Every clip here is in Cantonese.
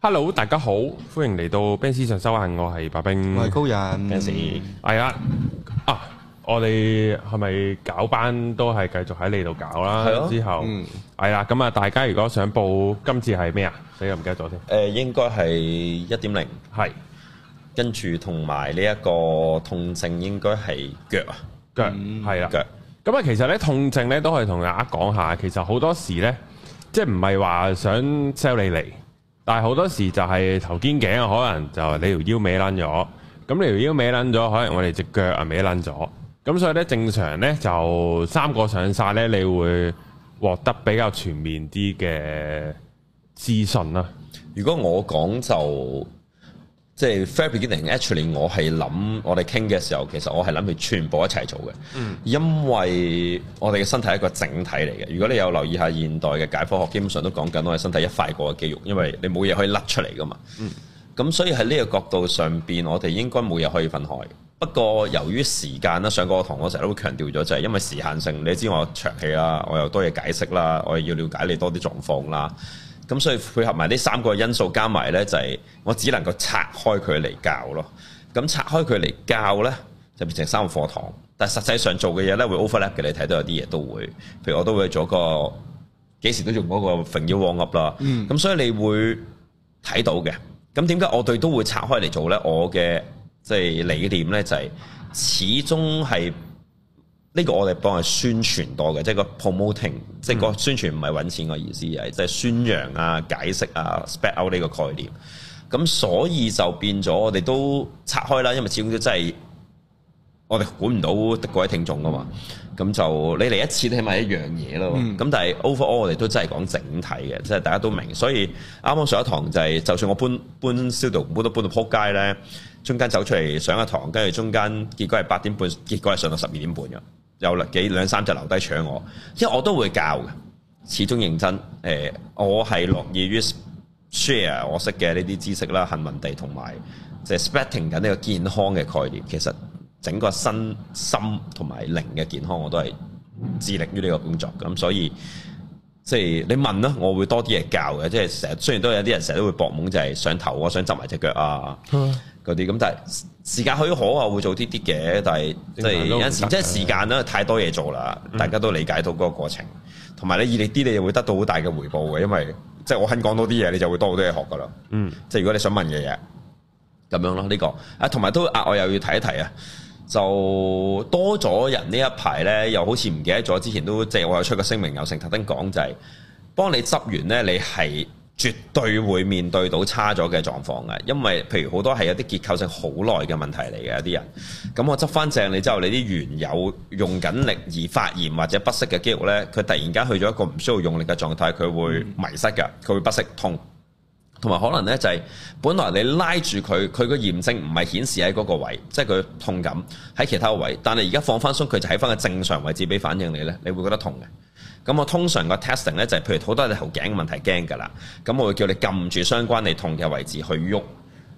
Hello，大家好，歡迎嚟到 Benz 上修行，我係白冰，我係高人 Ben Sir，係啦，啊，我哋係咪搞班都係繼續喺你度搞啦？係咯，之後，嗯，係啦，咁啊，大家如果想報，今次係咩啊？死又唔記得咗添，誒，應該係一點零，係跟住同埋呢一個痛症，應該係腳啊，腳，係啊，腳，咁啊，其實咧痛症咧都可以同大家講下，其實好多時咧，即係唔係話想 sell 你嚟。但係好多時就係頭肩頸啊，可能就你條腰尾攣咗，咁你條腰尾攣咗，可能我哋隻腳啊尾攣咗，咁所以呢正常呢，就三個上晒呢，你會獲得比較全面啲嘅資訊啦、啊。如果我講就。即係 fair beginning actually，我係諗我哋傾嘅時候，其實我係諗住全部一齊做嘅，嗯、因為我哋嘅身體係一個整體嚟嘅。如果你有留意下現代嘅解剖學，基本上都講緊我哋身體一塊過嘅肌肉，因為你冇嘢可以甩出嚟噶嘛。咁、嗯嗯、所以喺呢個角度上邊，我哋應該冇嘢可以分開。不過由於時間啦，上個堂我成日都會強調咗，就係因為時限性，你知我有長氣啦，我又多嘢解釋啦，我又要了解你多啲狀況啦。咁所以配合埋呢三個因素加埋呢，就係我只能夠拆開佢嚟教咯。咁拆開佢嚟教呢，就變成三個課堂。但實際上做嘅嘢呢，會 overlap 嘅。你睇到有啲嘢都會，譬如我都會做個幾時都用嗰個 finger warm up 啦。咁所以你會睇到嘅。咁點解我哋都會拆開嚟做呢？我嘅即係理念呢，就係始終係。呢個我哋幫佢宣傳多嘅，即係個 promoting，即係個宣傳唔係揾錢個意思，係即係宣揚啊、解釋啊、spread out 呢個概念。咁所以就變咗，我哋都拆開啦，因為始終都真係我哋管唔到各位聽眾噶嘛。咁、嗯、就你嚟一次都睇埋一樣嘢咯。咁、嗯、但係 overall 我哋都真係講整體嘅，即係大家都明。所以啱啱上一堂就係，就算我搬搬消毒褲都搬到撲街咧，中間走出嚟上一堂，跟住中間結果係八點半，結果係上到十二點半嘅。有啦，幾兩三隻留低搶我，因為我都會教嘅，始終認真。誒、呃，我係樂意於 share 我識嘅呢啲知識啦、恆民地同埋即係 sparking 緊呢個健康嘅概念。其實整個身心同埋靈嘅健康，我都係致力於呢個工作。咁所以即係、就是、你問啦，我會多啲嘢教嘅。即係成日雖然都有啲人成日都會搏懵，就係、是、上頭我想執埋隻腳啊。嗯啲咁，但係時間許可啊，我會做啲啲嘅。但係即係有陣時，即係時間啦，太多嘢做啦，嗯、大家都理解到嗰個過程。同埋你毅力啲，你又會得到好大嘅回報嘅，因為即係、就是、我肯講多啲嘢，你就會多好多嘢學噶啦。嗯，即係如果你想問嘅嘢，咁樣咯呢、這個啊，同埋都我又要提一提啊，就多咗人呢一排咧，又好似唔記得咗之前都即係我有出個聲明，有成特登講就係、是、幫你執完咧，你係。絕對會面對到差咗嘅狀況嘅，因為譬如好多係一啲結構性好耐嘅問題嚟嘅一啲人，咁我執翻正你之後，你啲原有用緊力而發炎或者不適嘅肌肉呢，佢突然間去咗一個唔需要用力嘅狀態，佢會迷失嘅，佢會不適痛。同埋可能咧就係，本來你拉住佢，佢個炎症唔係顯示喺嗰個位，即係佢痛感喺其他位，但係而家放翻鬆，佢就喺翻個正常位置俾反應你咧，你會覺得痛嘅。咁我通常個 testing 咧就係，譬如好多你頭頸嘅問題驚㗎啦，咁我會叫你撳住相關你痛嘅位置去喐。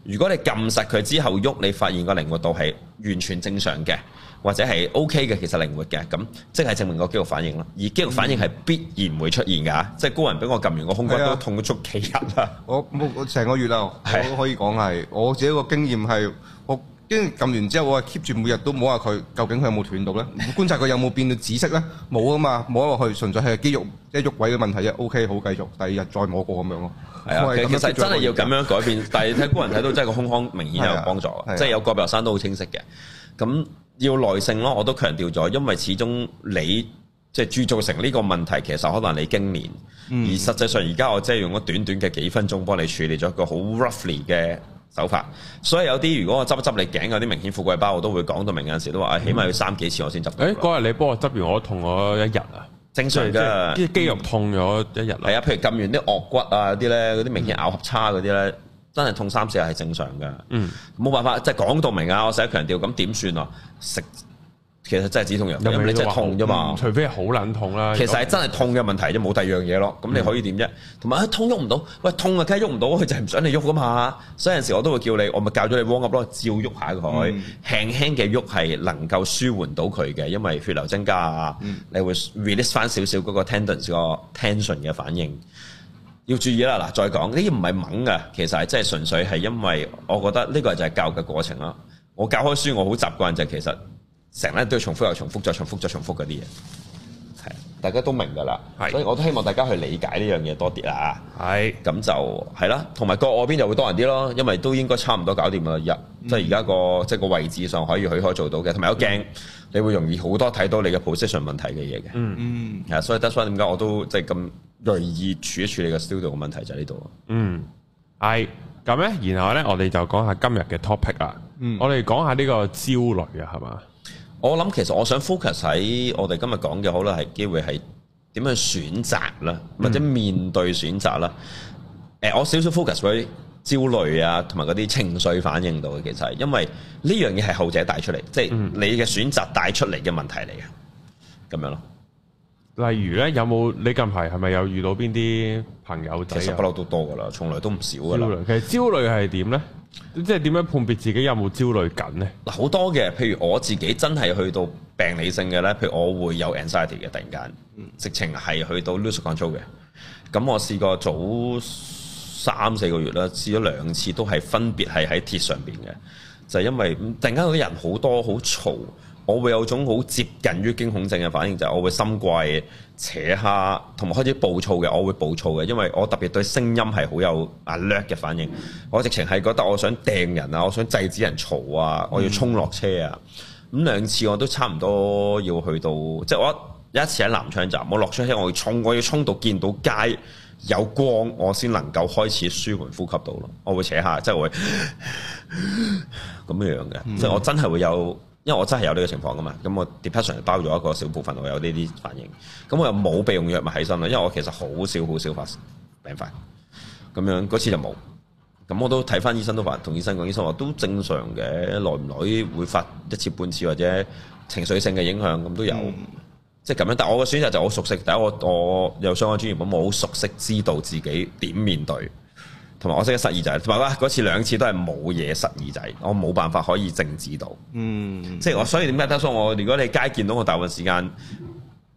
如果你撳實佢之後喐，你發現個靈活度係完全正常嘅。或者係 OK 嘅，其實靈活嘅，咁即係證明個肌肉反應咯。而肌肉反應係必然會出現㗎，即係高人俾我撳完個胸骨都痛咗足幾日啦。我我成個月啊，我都可以講係我自己個經驗係，我跟住撳完之後，我係 keep 住每日都摸下佢，究竟佢有冇斷到咧？觀察佢有冇變到紫色咧？冇啊嘛，摸落去純粹係肌肉即係喐位嘅問題啫。OK，好，繼續，第二日再摸過咁樣咯。係啊，其實真係要咁樣改變，但係睇高人睇到真係個胸腔明顯有幫助，即係有個別學生都好清晰嘅。咁要耐性咯，我都強調咗，因為始終你即係鑄造成呢個問題，其實可能你經年，而實際上而家我即係用咗短短嘅幾分鐘幫你處理咗一個好 roughly 嘅手法，所以有啲如果我執一執你頸嗰啲明顯富貴包，我都會講到明。有陣時都話，起碼要三幾次我先執。誒，嗰日你幫我執完，我痛我一日啊，正常㗎，肌肉痛咗一日啊。係啊，譬如撳完啲惡骨啊，啲咧，啲明顯咬合差嗰啲咧。真係痛三四日係正常㗎，嗯，冇辦法，即係講到明啊！我成日強調，咁點算啊？食其實真係止痛藥，因為你真係痛啫嘛、嗯，除非好撚痛啦、啊。其實係真係痛嘅問題，就冇第二樣嘢咯。咁你可以點啫？同埋一痛喐唔到，喂痛啊，梗係喐唔到，佢就唔想你喐噶嘛。所以有陣時我都會叫你，我咪教咗你 warm up 咯，照喐下佢，輕輕嘅喐係能夠舒緩到佢嘅，因為血流增加啊，嗯、你會 release 翻少少嗰個 tendon 個 tension 嘅反應。要注意啦！嗱，再講呢啲唔係猛嘅，其實係真係純粹係因為我覺得呢個就係教嘅過程啦。我教開書，我好習慣就係、其實成日都要重複又重複再重複再重複嗰啲嘢，係大家都明㗎啦。是所以我都希望大家去理解呢樣嘢多啲啦。係是，咁就係啦。同埋個外邊就會多人啲咯，因為都應該差唔多搞掂啦。嗯、一即係而家個即係、就是、個位置上可以許可做到嘅，同埋有，有鏡，嗯、你會容易好多睇到你嘅 position 問題嘅嘢嘅。嗯嗯，係、嗯嗯 yeah, 所以，所以，所以得翻點解我都即係咁。嗯容易處理處理個疏導嘅問題就喺呢度。嗯，係咁咧，然後咧，我哋就講下今日嘅 topic 啊。嗯，我哋講下呢個焦慮啊，係嘛？我諗其實我想 focus 喺我哋今日講嘅，可能係機會係點樣選擇啦，或者面對選擇啦。誒、嗯呃，我少少 focus 喺焦慮啊，同埋嗰啲情緒反應度嘅，其實係因為呢樣嘢係後者帶出嚟，即係、嗯、你嘅選擇帶出嚟嘅問題嚟嘅，咁樣咯。例如咧，有冇你近排係咪有遇到邊啲朋友仔啊？不嬲都多噶啦，從來都唔少噶啦。其實焦慮係點咧？即係點樣判別自己有冇焦慮緊咧？嗱，好多嘅，譬如我自己真係去到病理性嘅咧，譬如我會有 anxiety 嘅，突然間，嗯、直情係去到 lose control 嘅。咁我試過早三四個月啦，試咗兩次，都係分別係喺鐵上邊嘅，就係、是、因為突然間嗰啲人好多，好嘈。我會有種好接近於驚恐症嘅反應，就係、是、我會心悸、扯下，同埋開始暴躁嘅。我會暴躁嘅，因為我特別對聲音係好有 alert 嘅反應。嗯、我直情係覺得我想掟人啊，我想制止人嘈啊，我要衝落車啊。咁、嗯、兩次我都差唔多要去到，即、就、係、是、我有一次喺南昌站，我落車，我會衝，我要衝到見到街有光，我先能夠開始舒緩呼吸到咯。我會扯下，即、就、係、是、會咁、嗯、樣樣嘅，即、就、係、是、我真係會有。因為我真係有呢個情況噶嘛，咁我 depression 包咗一個小部分我有呢啲反應，咁我又冇備用藥物起身啦，因為我其實好少好少發病發，咁樣嗰次就冇，咁我都睇翻醫生都話，同醫生講，醫生話都正常嘅，耐唔耐啲會發一次半次或者情緒性嘅影響，咁都有，即係咁樣。但我嘅選擇就好熟悉，但係我我有相關專業，咁我好熟悉知道自己點面對。同埋我識得失耳仔，同埋嗰次兩次都係冇嘢失耳仔，我冇辦法可以靜止到。嗯，即係我所以點解？之所以我如果你街見到我大部分時間，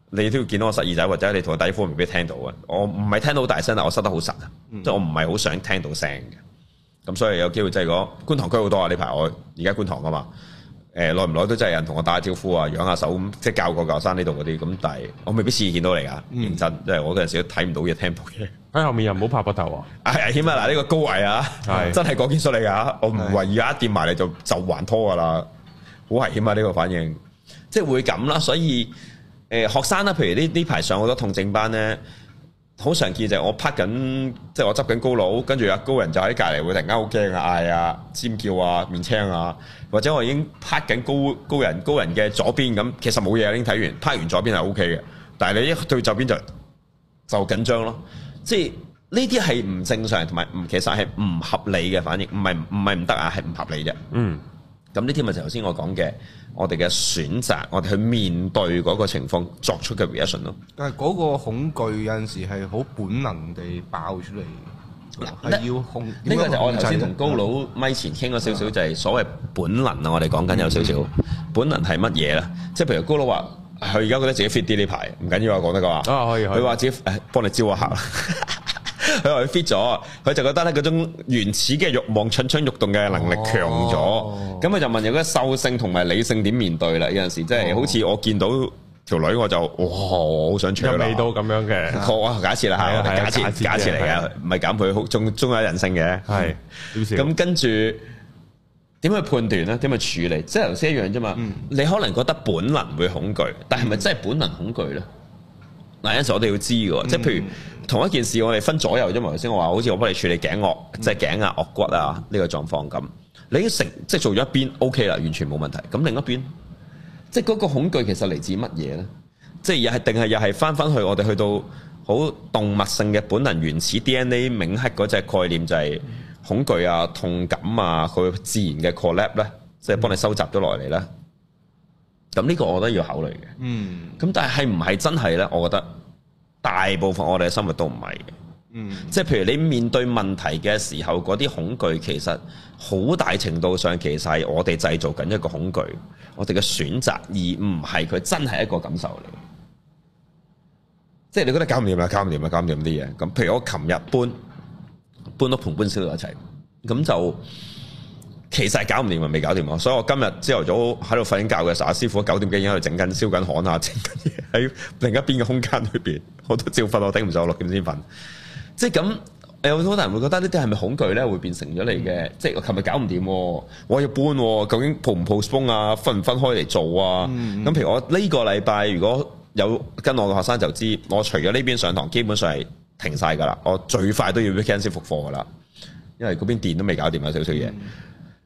你都要見到我失耳仔，或者你同我打招呼未必聽到嘅。我唔係聽到好大聲啊，但我失得好實啊，嗯、即係我唔係好想聽到聲嘅。咁所以有機會即係講觀塘區好多啊，呢排我而家觀塘啊嘛。誒、呃，耐唔耐都真係有人同我打招呼啊，仰下手咁，即係教過教生呢度嗰啲咁，但係我未必試見到你啊，認真，因為、嗯、我嗰陣時都睇唔到嘢，聽唔到嘢。喺後面又唔好拍膊頭啊！危險、這個、啊！嗱是，呢個高危啊，係真係講緊出嚟噶，我唔懷而家掂埋你就就還拖噶啦，好危險啊！呢、這個反應即係會咁啦，所以誒、呃、學生咧、啊，譬如呢呢排上好多痛症班咧，好常見就係我拍緊即係我執緊高佬，跟住阿高人就喺隔籬會突然間好驚啊，嗌啊尖叫啊面青啊，或者我已經拍緊高高人高人嘅左邊咁，其實冇嘢已經睇完，拍完左邊係 O K 嘅，但係你一對邊就邊就就緊張咯。即係呢啲係唔正常，同埋其實係唔合理嘅反應，唔係唔係唔得啊，係唔合理嘅。嗯，咁呢啲咪就頭先我講嘅，我哋嘅選擇，我哋去面對嗰個情況作出嘅 reaction 咯。但係嗰個恐懼有陣時係好本能地爆出嚟，係那要控。呢那個就我頭先同高佬咪前傾咗少，少少，嗯、就係所謂本能啊！我哋講緊有少少、嗯、本能係乜嘢啦？即係譬如高佬話。佢而家覺得自己 fit 啲呢排，唔緊要啊，講得噶，佢話自己誒，幫你招下客，佢話佢 fit 咗，佢就覺得咧嗰種原始嘅欲望蠢蠢欲動嘅能力強咗，咁佢、哦、就問有啲獸性同埋理性點面對啦？有陣時即係、哦、好似我見到條女，我就哇，好想娶、嗯、你！」你都咁樣嘅，我假設啦吓，假設假設嚟嘅，唔係減佢好，仲仲有人性嘅，係，咁、嗯嗯、跟住。點去判斷呢？點去處理？即係頭先一樣啫嘛。嗯、你可能覺得本能會恐懼，但係咪真係本能恐懼呢？嗱，一係我哋要知嘅，嗯、即係譬如同一件事，我哋分左右啫嘛。頭先我話好似我幫你處理頸惡、嗯啊啊，即係頸啊、惡骨啊呢個狀況咁，你已經成即係做咗一邊 O K 啦，完全冇問題。咁另一邊，即係嗰個恐懼其實嚟自乜嘢呢？即係又係定係又係翻翻去我哋去到好動物性嘅本能原始 D N A 冥刻嗰隻概念就係、是。嗯恐懼啊、痛感啊，佢自然嘅 collapse 咧，即係幫你收集咗落嚟咧。咁呢個我都要考慮嘅。嗯。咁但係係唔係真係咧？我覺得大部分我哋嘅生活都唔係嘅。嗯。即係譬如你面對問題嘅時候，嗰啲恐懼其實好大程度上，其實係我哋製造緊一個恐懼，我哋嘅選擇而唔係佢真係一個感受嚟。嗯、即係你覺得搞唔掂呀，搞唔掂呀，搞唔掂啲嘢。咁譬如我琴日搬。搬屋盤搬燒到一齊，咁就其實係搞唔掂，咪未搞掂喎。所以我今日朝頭早喺度瞓緊覺嘅時候，阿師傅九點幾已經喺度整緊燒緊餡啊，整緊嘢喺另一邊嘅空間裏邊。我都照瞓，我頂唔上，我六點先瞓。即係咁，有好多人會覺得呢啲係咪恐懼咧？會變成咗你嘅。嗯、即係我琴日搞唔掂，我要搬，啊，究竟鋪唔鋪 spon 啊？分唔分開嚟做啊？咁、嗯、譬如我呢個禮拜，如果有跟我嘅學生就知，我除咗呢邊上堂，基本上係。停晒噶啦！我最快都要 cancel 復課噶啦，因為嗰邊電都未搞掂，有少少嘢。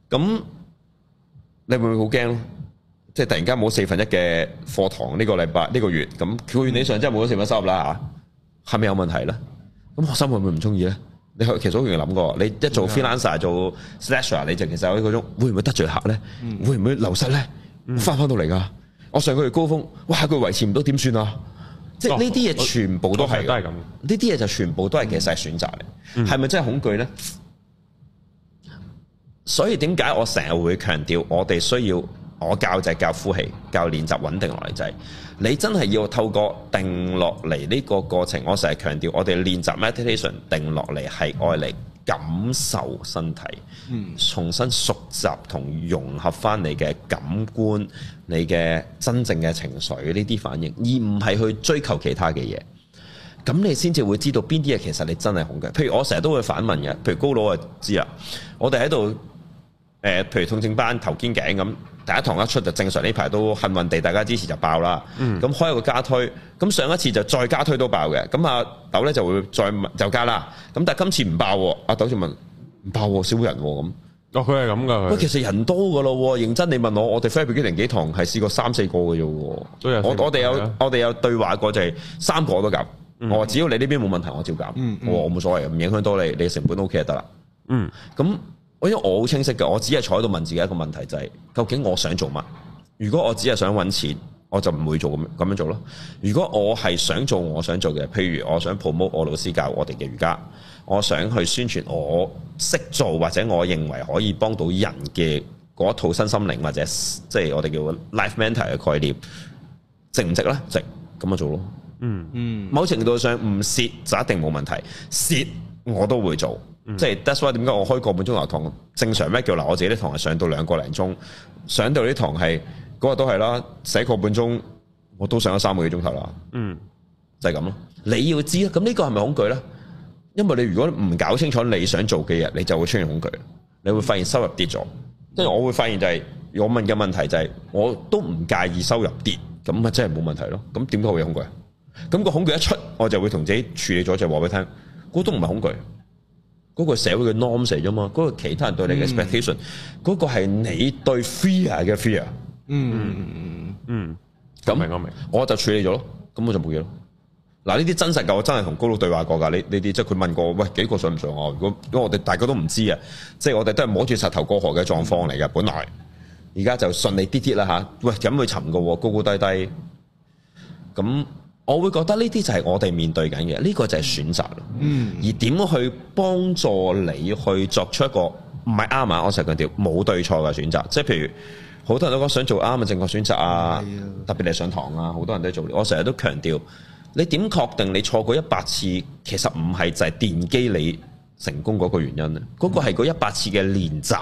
咁你會唔會好驚？即係突然間冇四分一嘅課堂呢個禮拜呢、呢個月，咁、那個原理上真係冇咗四分收入啦嚇，係咪、嗯、有問題咧？咁學生會唔會唔中意咧？你其實好容易諗過，你一做 freelancer 做 slasher 你就其實有一個鐘，會唔會得罪客咧？嗯、會唔會流失咧？翻翻到嚟噶，我上個月高峰，哇！佢維持唔到點算啊？即係呢啲嘢全部都係，都係咁。呢啲嘢就全部都係，其實係選擇嚟。係咪、嗯、真係恐懼呢？所以點解我成日會強調，我哋需要我教就教呼氣，教練習穩定落嚟就係。你真係要透過定落嚟呢個過程，我成日強調，我哋練習 meditation 定落嚟係愛你。感受身體，重新熟習同融合翻你嘅感官、你嘅真正嘅情緒呢啲反應，而唔係去追求其他嘅嘢，咁你先至會知道邊啲嘢其實你真係恐懼。譬如我成日都會反問嘅，譬如高佬啊，知啦，我哋喺度誒，譬如痛症班、頭肩頸咁。第一堂一出就正常，呢排都幸運地大家支持就爆啦。咁、嗯、開一個加推，咁上一次就再加推都爆嘅。咁阿豆咧就會再就加啦。咁但係今次唔爆，阿豆就問唔爆，少人咁。哦，佢係咁㗎。喂、哦，其實人多㗎咯。認真你問我，我哋 f e b 零幾堂係試過三四個嘅啫、啊。我我哋有我哋有對話過就係三個都減。嗯嗯，我話只要你呢邊冇問題，我照減、嗯嗯。我話我冇所謂，唔影響到你，你成本 O K 就得啦。嗯，咁、嗯。我因為我好清晰嘅，我只係坐喺度問自己一個問題，就係究竟我想做乜？如果我只係想揾錢，我就唔會做咁咁樣做咯。如果我係想做我想做嘅，譬如我想 promote 我老師教我哋嘅瑜伽，我想去宣傳我識做或者我認為可以幫到人嘅嗰一套身心靈或者即係我哋叫 life mentor 嘅概念，值唔值呢？值咁就做咯。嗯。嗯嗯，某程度上唔蝕就一定冇問題，蝕我都會做。即係 that's why 點解我開個半鐘頭堂正常咩叫嗱？我自己啲堂係上到兩個零鐘，上到啲堂係嗰日都係啦，寫個半鐘我都上咗三個幾鐘頭啦。嗯，就係咁咯。你要知啦，咁呢個係咪恐懼咧？因為你如果唔搞清楚你想做嘅嘢，你就會出現恐懼。你會發現收入跌咗，即係、嗯、我會發現就係、是、我問嘅問題就係、是、我都唔介意收入跌，咁啊真係冇問題咯。咁點解會有恐懼？咁、個恐懼一出，我就會同自己處理咗就話俾你聽，股東唔係恐懼。嗰個社會嘅 norms 嚟啫嘛，嗰、那個其他人對你嘅 expectation，嗰、嗯、個係你對 fear 嘅 fear，嗯嗯嗯嗯，嗯，明樣、嗯、我明，我就處理咗咯，根、嗯、我就冇嘢咯。嗱呢啲真實嘅我真係同高佬對話過㗎，呢呢啲即係佢問過，喂幾個信唔信我、啊？如果因為我哋大家都唔知啊，即、就、係、是、我哋都係摸住石頭過河嘅狀況嚟嘅，本來而家就順利啲啲啦吓，喂，咁去沉嘅喎，高高低低，低，咁。我會覺得呢啲就係我哋面對緊嘅，呢、呢個就係選擇。嗯，而點去幫助你去作出一個唔係啱啊？我成日強調冇對錯嘅選擇，即係譬如好多人都講想做啱嘅正確選擇啊，特別你上堂啊，好多人都做。我成日都強調，你點確定你錯過一百次，其實唔係就係電機你成功嗰個原因咧，嗰、嗯、個係嗰一百次嘅練習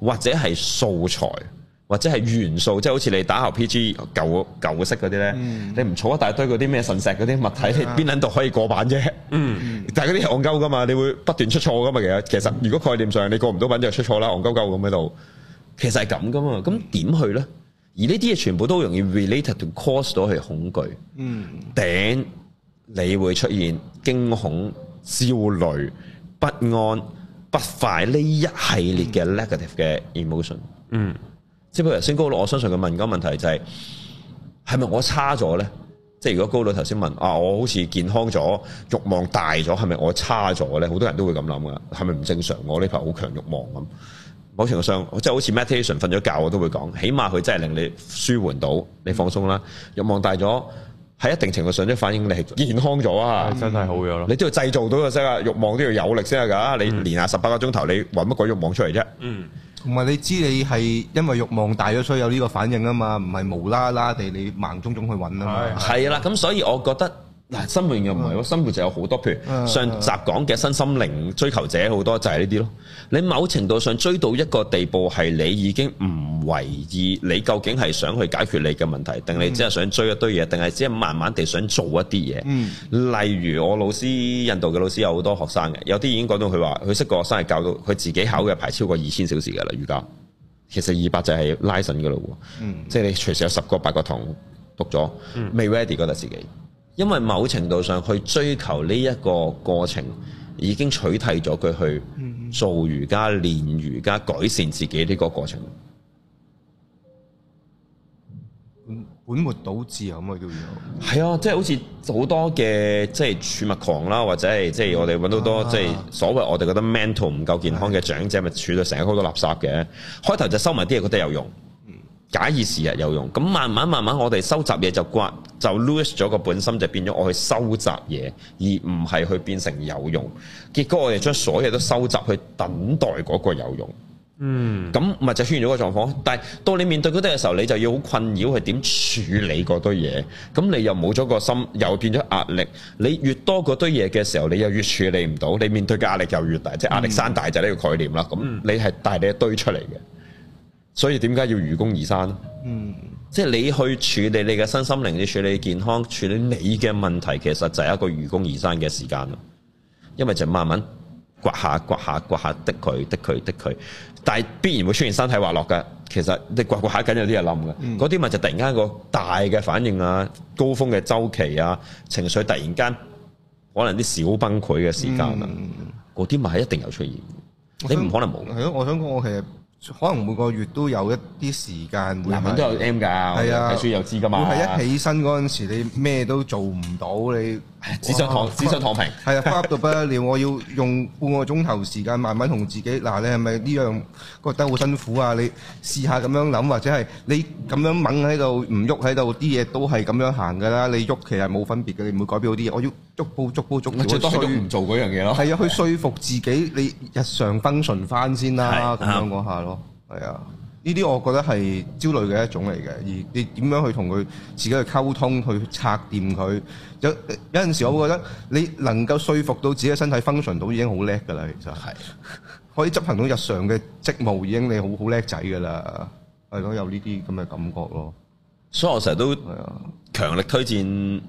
或者係素材。或者係元素，即係好似你打下 PG 舊舊式嗰啲咧，嗯、你唔儲一大堆嗰啲咩神石嗰啲物體，你邊撚度可以過版啫？嗯，但係嗰啲係戇鳩噶嘛，你會不斷出錯噶嘛。其實其實如果概念上你過唔到板就出錯啦，戇鳩鳩咁喺度。其實係咁噶嘛，咁點去咧？嗯、而呢啲嘢全部都好容易 related to cause 到係恐懼。嗯，頂你會出現驚恐、焦慮、不安、不快呢一系列嘅 negative 嘅 emotion。嗯。嗯嗯即係佢頭先高佬，我相信佢問緊問題就係、是，係咪我差咗咧？即係如果高佬頭先問，啊，我好似健康咗，欲望大咗，係咪我差咗咧？好多人都會咁諗噶，係咪唔正常？我呢排好強欲望咁，某程度上即係好似 meditation 瞓咗覺，我都會講，起碼佢真係令你舒緩到，你放鬆啦。嗯、欲望大咗，喺一定程度上即反映你係健康咗啊！真、嗯、係好咗咯。你都要製造到先啊，欲望都要有力先啊！噶，你連下十八個鐘頭，你揾乜鬼欲望出嚟啫？嗯。同埋你知你係因為欲望大咗，所以有呢個反應啊嘛，唔係無啦啦地你盲中中去揾啊嘛的，係啦，咁所以我覺得。嗱，生活又唔係喎，生活就有好多譬如上集講嘅身心靈追求者好多就係呢啲咯。你某程度上追到一個地步係你已經唔為意，你究竟係想去解決你嘅問題，定你只係想追一堆嘢，定係只係慢慢地想做一啲嘢。例如我老師，印度嘅老師有好多學生嘅，有啲已經講到佢話佢識個學生係教到佢自己考嘅牌超過二千小時㗎啦。瑜伽其實二百就係拉神㗎咯喎，嗯，即係你隨時有十個八個堂讀咗未 ready 覺得自己。因為某程度上去追求呢一個過程，已經取締咗佢去做瑜伽、練瑜伽、改善自己呢個過程。本本末倒置啊！咁啊叫做，係啊，即係好似好多嘅即係儲物狂啦，或者係即係我哋揾到多、啊、即係所謂我哋覺得 mental 唔夠健康嘅長者，咪的儲到成日好多垃圾嘅。開頭就收埋啲嘢，覺得有用。假以時日有用，咁慢慢慢慢，我哋收集嘢就刮就 lose 咗個本心，就變咗我去收集嘢，而唔係去變成有用。結果我哋將所有都收集去等待嗰個有用，嗯，咁咪就出現咗個狀況。但係到你面對嗰堆嘅時候，你就要好困擾去點處理嗰堆嘢。咁、嗯、你又冇咗個心，又變咗壓力。你越多嗰堆嘢嘅時候，你又越處理唔到。你面對嘅壓力又越大，即係壓力山大就係呢個概念啦。咁、嗯、你係帶呢一堆出嚟嘅。所以點解要愚公移山咧？嗯，即係你去處理你嘅身心靈，你處理你健康，處理你嘅問題，其實就係一個愚公移山嘅時間啦。因為就慢慢刮下刮下刮下，下的佢的佢的佢，但係必然會出現身體滑落嘅。其實你刮刮下緊有啲係冧嘅，嗰啲咪就突然間一個大嘅反應啊，高峰嘅周期啊，情緒突然間可能啲小崩潰嘅時間啊，嗰啲咪係一定有出現。我想，你唔可能冇。係咯，我想講我其可能每個月都有一啲時間，男人都有 M 㗎，係啊是，睇書又知㗎嘛。如果係一起身嗰陣時，你咩都做唔到，你。只想躺，自信躺哇平，係啊，啊，啊，花到不得了。我要用半個鐘頭時間，慢慢同自己，嗱、啊，你係咪呢樣覺得好辛苦啊？你試下咁樣諗，或者係你咁樣掹喺度，唔喐喺度，啲嘢都係咁樣行噶啦。你喐，其實冇分別嘅，你唔會改變到啲嘢。我要逐步逐步逐步，即係當然唔做嗰樣嘢咯。係啊，啊去說服自己，你日常分順翻先啦、啊，咁、啊、樣講下咯，係啊。呢啲我覺得係焦慮嘅一種嚟嘅，而你點樣去同佢自己去溝通，去拆掂佢，有有陣時，我會覺得你能夠説服到自己身體 function 到已經好叻㗎啦，其實係可以執行到日常嘅職務已經你好好叻仔㗎啦，係咯，有呢啲咁嘅感覺咯，所以我成日都強力推薦。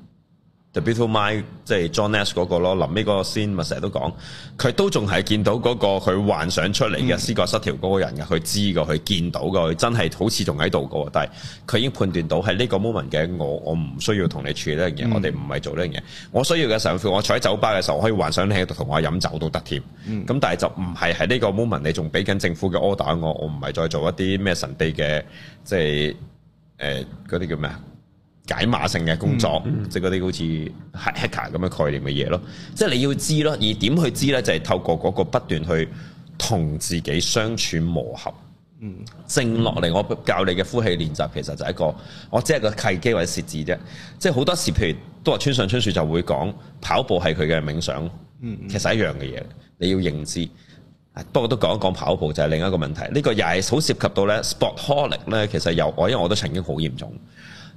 The Beautiful Mind，即係 John Nash 嗰、那個咯，臨尾嗰個 scene 咪成日都講，佢都仲係見到嗰個佢幻想出嚟嘅思覺失調嗰個人嘅，佢、嗯、知過，佢見到過，佢真係好似仲喺度過，但係佢已經判斷到係呢個 moment 嘅，我我唔需要同你處理呢樣嘢，嗯、我哋唔係做呢樣嘢，我需要嘅時候，我坐喺酒吧嘅時候，我可以幻想以、嗯、你喺度同我飲酒都得添，咁但係就唔係喺呢個 moment 你仲俾緊政府嘅 order 我，我唔係再做一啲咩神秘嘅，即係誒嗰啲叫咩啊？解碼性嘅工作，mm hmm。即係嗰啲好似黑客咁嘅概念嘅嘢咯。即係你要知咯，而點去知呢？就係、是、透過嗰個不斷去同自己相處磨合。嗯、mm，剩落嚟我教你嘅呼氣練習，其實就係一個我只係個契機或者設置啫。即係好多時，譬如都話村上春樹就會講跑步係佢嘅冥想。Mm hmm。其實一樣嘅嘢，你要認知。不過都講一講跑步就係另一個問題。呢、這個又係好涉及到呢 sportholic 呢，其實又，我因為我都曾經好嚴重。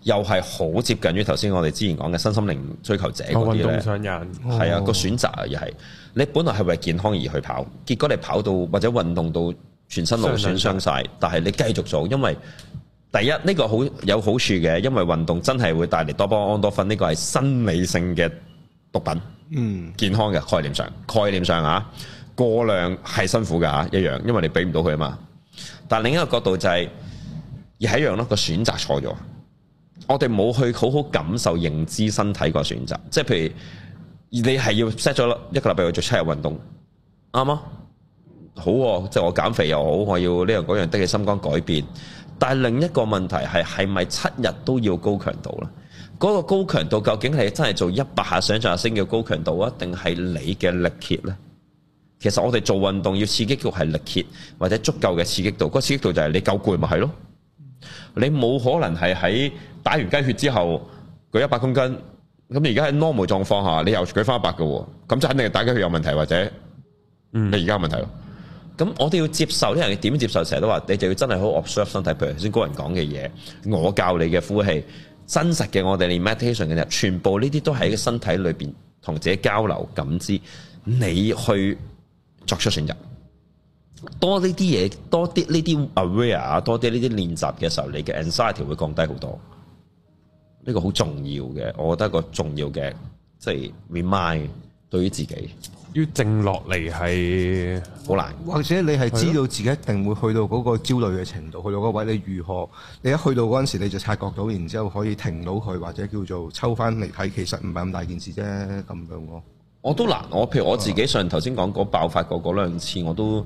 又係好接近於頭先我哋之前講嘅新心靈追求者嗰啲咧，係、哦、啊、個選擇又係你本來係為健康而去跑，結果你跑到或者運動到全身勞損傷晒，但係你繼續做，因為第一呢個好有好處嘅，因為運動真係會帶嚟多巴胺多芬，呢個係生理性嘅毒品，嗯，健康嘅概念上，概念上啊，過量係辛苦嘅啊一樣，因為你俾唔到佢啊嘛。但另一個角度就係，而係一樣咯，個選擇錯咗。我哋冇去好好感受、認知身體個選擇，即係譬如你係要 set 咗一個禮拜去做七日運動，啱嗎？好、哦，即係我減肥又好，我要呢樣嗰樣得嘅心肝改變。但係另一個問題係係咪七日都要高強度咧？嗰、嗰個高強度究竟係真係做一百下想上下升叫高強度啊？定係你嘅力竭呢？其實我哋做運動要刺激嘅係力竭或者足夠嘅刺激度，嗰、嗰個、刺激度就係你夠攰咪係咯？你冇可能係喺打完雞血之後舉一百公斤，咁而家喺 normal 狀況下，你又舉翻一百嘅，咁就肯定係打雞血有問題，或者你而家有問題囉。咁、嗯、我哋要接受啲人點接受？成日都話你就要真係好 observe 身體，譬如頭先高人講嘅嘢，我教你嘅呼氣，真實嘅我哋 meditation 嘅嘢，全部呢啲都係喺個身體裏邊同自己交流、感知，你去作出選擇。多呢啲嘢，多啲呢啲 aware 啊，多啲呢啲練習嘅時候，你嘅 anxiety 會降低好多。呢個好重要嘅，我覺得一個重要嘅，即係 remind 對於自己要靜落嚟係好難。或者你係知道自己一定會去到嗰個焦慮嘅程度，去到嗰位，你如何？你一去到嗰陣時，你就察覺到，然之後可以停到佢，或者叫做抽翻嚟睇，其實唔係咁大件事啫，咁樣咯。我都難，我譬如我自己上頭先講嗰爆發過嗰兩次，我都。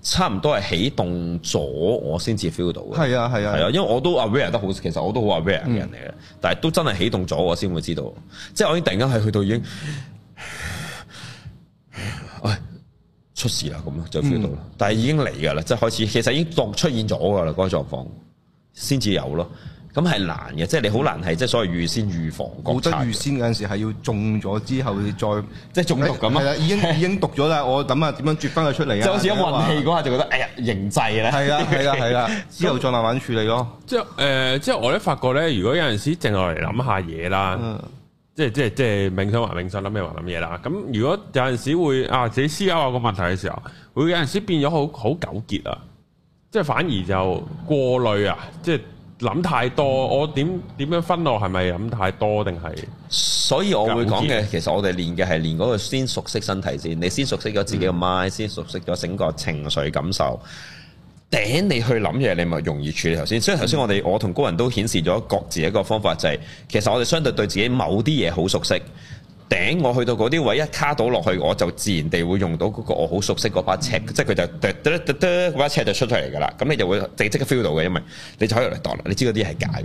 差唔多係起動咗，我先至 feel 到嘅。係啊，係啊，係啊，因為我都 aware 得好，其實我都好 aware 嘅人嚟嘅。嗯、但係都真係起動咗，我先會知道。即係我已經突然間係去到已經，唉，出事啦咁咯，就 feel 到啦。嗯、但係已經嚟㗎啦，即係開始，其實已經當出現咗㗎啦，嗰、嗰個狀況先至有咯。咁係難嘅，即係你好難係即係所謂預先預防。冇得預先嗰陣時，係要中咗之後再即係中毒咁啊。係啦、哎，已經 已經毒咗啦。我諗下點樣絕翻佢出嚟啊？有時 運氣嗰下就覺得哎呀，刑制咧。係啊， 係啊，係啊，之後再慢慢處理咯。即係誒、呃，即係我咧發覺咧，想想說想說想說如果有陣時靜落嚟諗下嘢啦，即係即係即係冥想話冥想諗咩話諗嘢啦。咁如果有陣時會啊，自己思考下個問題嘅時候，會有陣時變咗好好糾結啊，即係反而就過濾啊，即係。即諗太多，嗯、我點點樣分落係咪諗太多定係？所以我會講嘅，覺其實我哋練嘅係練嗰個先熟悉身體先，你先熟悉咗自己嘅 mind，、嗯、先熟悉咗整個情緒感受，頂你去諗嘢，你咪容易處理頭先。所以頭先我哋、嗯、我同高人都顯示咗各自一個方法，就係、是、其實我哋相對對自己某啲嘢好熟悉。頂我去到嗰啲位一卡到落去，我就自然地會用到嗰個我好熟悉嗰把尺，嗯、即係佢就嘚嘚嘚嘚嗰把尺就出出嚟㗎啦。咁你就會即即刻 feel 到嘅，因為你就可以嚟度啦。你知嗰啲係假嘅，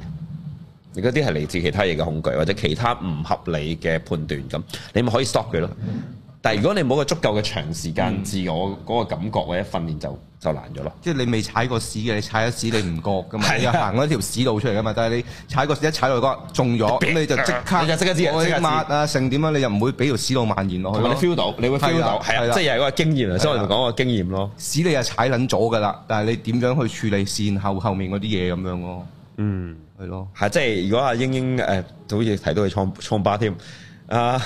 你嗰啲係嚟自其他嘢嘅恐懼或者其他唔合理嘅判斷咁，你咪可以 stop 佢咯。嗯但係如果你冇個足夠嘅長時間自我嗰個感覺或者訓練就就難咗咯。即係你未踩過屎嘅，你踩咗屎你唔覺噶嘛？係啊，行咗條屎路出嚟噶嘛？但係你踩過屎一踩落去，個中咗，咁你就即刻，即刻，即刻，即刻啊！成點樣？你又唔會俾條屎路蔓延落去咯？你 feel 到，你會 feel 到，係即係又係一個經驗，相對嚟講個經驗咯。屎你係踩撚咗噶啦，但係你點樣去處理善後後面嗰啲嘢咁樣咯？嗯，係咯，係即係如果阿英英誒，好似提到佢創瘡疤添啊。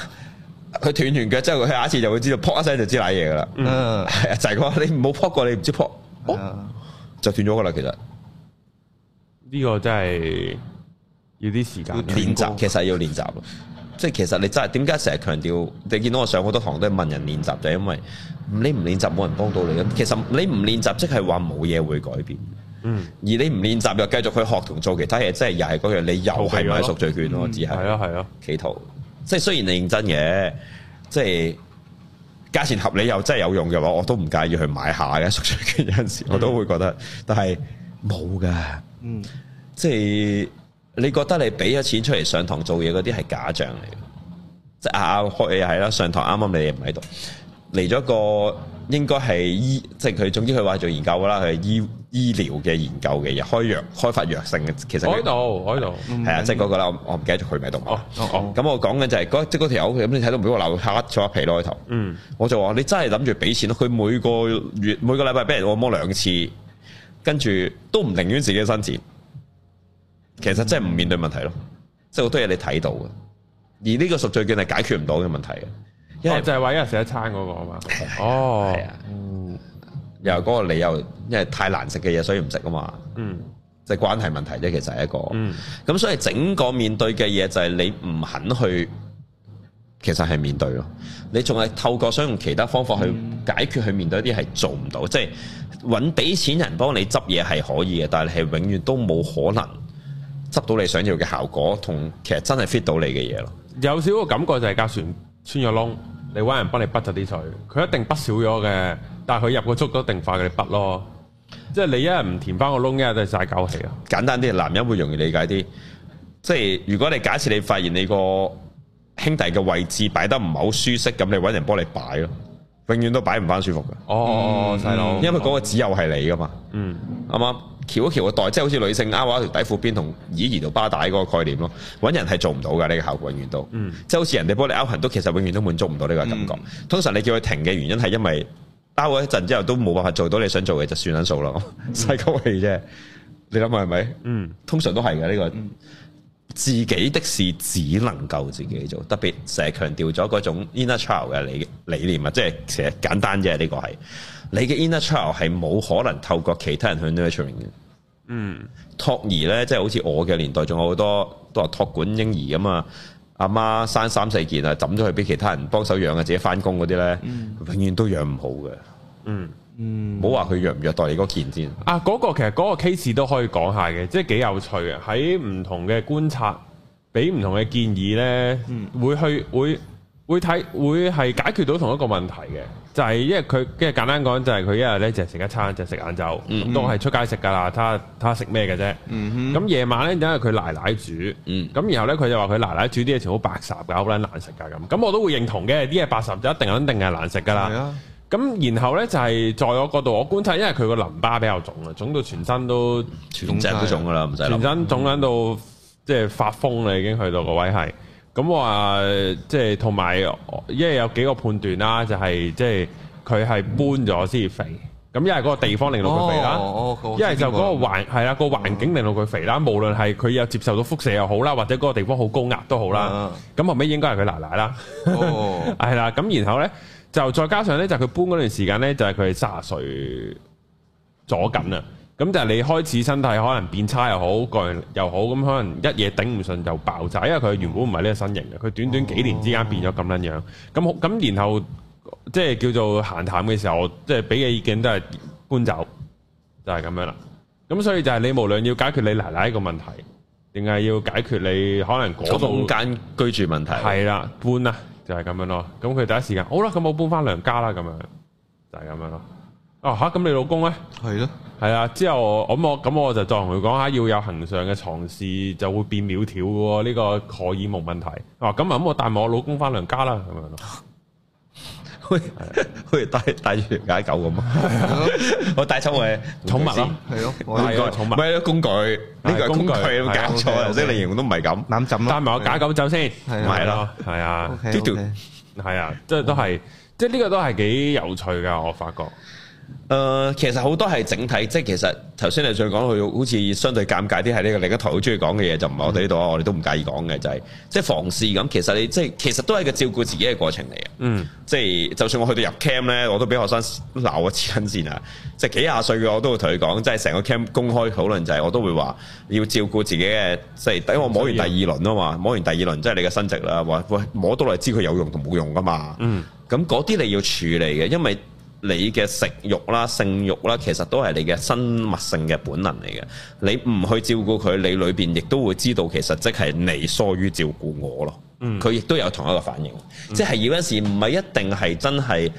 佢斷完腳之後，佢下一次就會知道撲一聲就知瀨嘢噶啦。嗯，係啊，就係、是、講、那個、你冇撲過，你唔知撲，嗯、就斷咗噶啦。其實呢個真係要啲時間練習，練習高其實要練習。即係其實你真係點解成日強調？你見到我上好多堂都係問人練習，就係因為你唔練習冇人幫到你。其實你唔練習，即係話冇嘢會改變。嗯、而你唔練習又繼續去學同做其他嘢，真係又係嗰樣，你又係唔係贖罪券咯？只係係啊，係啊、嗯，企圖。即係雖然你認真嘅，即係價錢合理又真係有用嘅話，我都唔介意去買下嘅。熟有陣時我都會覺得，但係冇噶，嗯，即係你覺得你俾咗錢出嚟上堂做嘢嗰啲係假象嚟嘅，即係啊啱開嘢係啦，上堂啱啱你唔喺度嚟咗一個。應該係醫，即係佢，總之佢話做研究噶啦，佢係醫醫療嘅研究嘅，嘢，開藥、開發藥性嘅。其實喺度，喺度，係啊的，即係嗰個啦，我唔記得咗佢係咪度。哦咁、嗯、我講嘅就係嗰即條友咁，你睇到唔好話鬧黑咗皮落去頭。嗯，我就話你真係諗住俾錢咯，佢每個月每個禮拜俾人按摩兩次，跟住都唔寧願自己嘅身錢。其實真係唔面對問題咯，即係好多嘢你睇到嘅，而呢個贖罪券係解決唔到嘅問題嘅。因為、哦、就係話因為一日食一餐嗰個啊嘛，哦，啊嗯、又係嗰個理由，因為太難食嘅嘢，所以唔食啊嘛，嗯，就關係問題啫，其實係一個，嗯，咁所以整個面對嘅嘢就係你唔肯去，其實係面對咯，你仲係透過想用其他方法去、嗯、解決去面對一啲係做唔到，即係揾俾錢人幫你執嘢係可以嘅，但係永遠都冇可能執到你想要嘅效果，同其實真係 fit 到你嘅嘢咯。有少少感覺就係加船。穿咗窿，你揾人幫你筆就啲水，佢一定筆少咗嘅，但係佢入個足都一定快佢筆咯，即係你一日唔填翻個窿，一日都係晒狗氣啊！簡單啲，男人會容易理解啲，即係如果你假設你發現你個兄弟嘅位置擺得唔係好舒適，咁你揾人幫你擺咯，永遠都擺唔翻舒服嘅。哦，細佬，因為嗰個只有係你噶嘛，嗯。嗯，啱、嗯、啱？嗯翹一翹個袋，即係好似女性拉嗰條底褲邊同耳移到巴帶嗰個概念咯。揾人係做唔到嘅呢、這個效果，永遠都，嗯、即係好似人哋幫你拗痕都，其實永遠都滿足唔到呢個感覺。嗯、通常你叫佢停嘅原因係因為拗嗰陣之後都冇辦法做到你想做嘅，就算了數啦。細個氣啫，你諗下係咪？嗯，通常都係嘅呢個、嗯、自己的事只能夠自己做，特別成日強調咗嗰種 inner child 嘅理理念啊，即係其實簡單啫，呢、這個係。你嘅 inner child 係冇可能透過其他人去 nurturing 嘅，嗯，托兒咧，即係好似我嘅年代，仲有好多都話托管嬰兒咁啊，阿媽，媽生三四件啊，抌咗去俾其他人幫手養啊，自己翻工嗰啲咧，嗯、永遠都養唔好嘅、嗯，嗯嗯，唔好話佢虐唔虐待你嗰件先，啊，嗰、嗰個其實嗰個 case 都可以講下嘅，即係幾有趣嘅，喺唔同嘅觀察，俾唔同嘅建議咧，嗯，會去會。會睇會係解決到同一個問題嘅，就係、是、因為佢，跟住簡單講就係佢一日咧就食一餐，就食晏晝，咁、mm hmm. 都係出街食噶啦，睇下睇下食咩嘅啫。咁夜、mm hmm. 晚咧，因為佢奶奶煮，咁、mm hmm. 然後咧佢就話佢奶奶煮啲嘢，全部白烚噶，好撚難食噶咁。咁我都會認同嘅，啲嘢白烚就一定肯定係難食噶啦。咁、mm hmm. 然後咧就係、是、在我角度，我觀察，因為佢個淋巴比較腫啊，腫到全身都全隻都腫噶啦，唔使，全身腫緊到、mm hmm. 即係發瘋啦，已經去到個位係。Mm hmm. 咁我話即係同埋，因為有幾個判斷啦，就係、是、即係佢係搬咗先肥。咁一係嗰個地方令到佢肥啦，一係、哦哦哦、就嗰個環係啦，個環、啊、境令到佢肥啦。無論係佢有接受到輻射又好啦，或者嗰個地方高好高壓都好啦。咁、啊、後尾應該係佢奶奶啦，係啦、oh. 嗯。咁然後咧就再加上咧，就佢搬嗰段時間咧，就係佢卅歲左緊啊。咁就係你開始身體可能變差又好，個人又好，咁可能一嘢頂唔順就爆炸，因為佢原本唔係呢個身形嘅，佢短短幾年之間變咗咁樣樣，咁咁然後即係叫做閒談嘅時候，即係俾嘅意見都係搬走，就係咁樣啦。咁所以就係你無論要解決你奶奶個問題，定係要解決你可能嗰個空間居住問題，係啦，搬啊，就係咁樣咯。咁佢第一時間，好啦，咁我搬翻娘家啦，咁樣就係咁樣咯。哦，吓咁你老公咧？係咯，係啊。之後咁我咁我就再同佢講下，要有恒常嘅床事就會變苗條嘅喎。呢個可以冇問題。哦，咁啊咁我帶埋我老公翻娘家啦，係咪咯？好似好似帶帶住假狗咁啊？我帶出嚟寵物咯，係咯，工具寵物，唔係咯工具呢個工具咁搞錯，即係你形容都唔係咁諗準咯。帶埋我假狗走先，係咯，係啊，呢條係啊，都都係即係呢個都係幾有趣噶，我發覺。誒、呃，其實好多係整體，即係其實頭先你再講佢好似相對尷尬啲，係呢個另一台好中意講嘅嘢，就唔係我哋呢度，嗯、我哋都唔介意講嘅，就係、是、即係房事咁。其實你即係其實都係個照顧自己嘅過程嚟嘅。嗯即，即係就算我去到入 cam 咧，我都俾學生鬧啊，先啊，即係幾廿歲嘅，我都會同佢講，即係成個 cam 公開討論就係，我都會話要照顧自己嘅，即係等我摸完第二輪啊嘛、嗯，摸完第二輪即係你嘅升值啦。喂喂，摸到嚟知佢有用同冇用噶嘛？嗯，咁嗰啲你要處理嘅，因為。你嘅食慾啦、性慾啦，其實都係你嘅生物性嘅本能嚟嘅。你唔去照顧佢，你裏邊亦都會知道，其實即係你疏於照顧我咯。嗯，佢亦都有同一個反應，嗯、即係有陣時唔係一定係真係誒、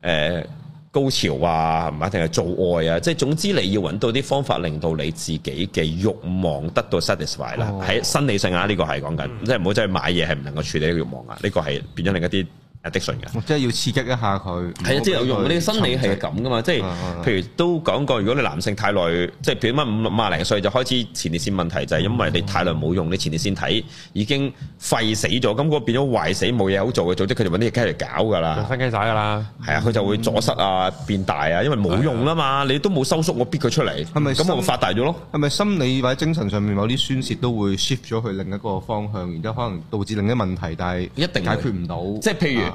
呃、高潮啊，唔係一定係做愛啊。即係總之，你要揾到啲方法令到你自己嘅慾望得到 satisfied 啦。喺、哦、生理性啊，呢、呢個係講緊，嗯、即係唔好真係買嘢係唔能夠處理慾望啊。呢、呢個係變咗另一啲。啊！迪信嘅，即係要刺激一下佢，係啊，即係有用。你嘅心理係咁噶嘛？即係，譬如都講過，如果你男性太耐，即係譬如乜五六廿零歲就開始前列腺問題，就係因為你太耐冇用，你前列腺體已經廢死咗，咁個變咗壞死，冇嘢好做嘅組織，佢就揾啲嘢嚟搞噶啦，分肌仔噶啦，係啊，佢就會阻塞啊、變大啊，因為冇用啦嘛，你都冇收縮，我逼佢出嚟，係咪咁我發大咗咯？係咪心理或者精神上面某啲宣泄都會 shift 咗去另一個方向，然之後可能導致另一個問題，但係一定解決唔到。即係譬如。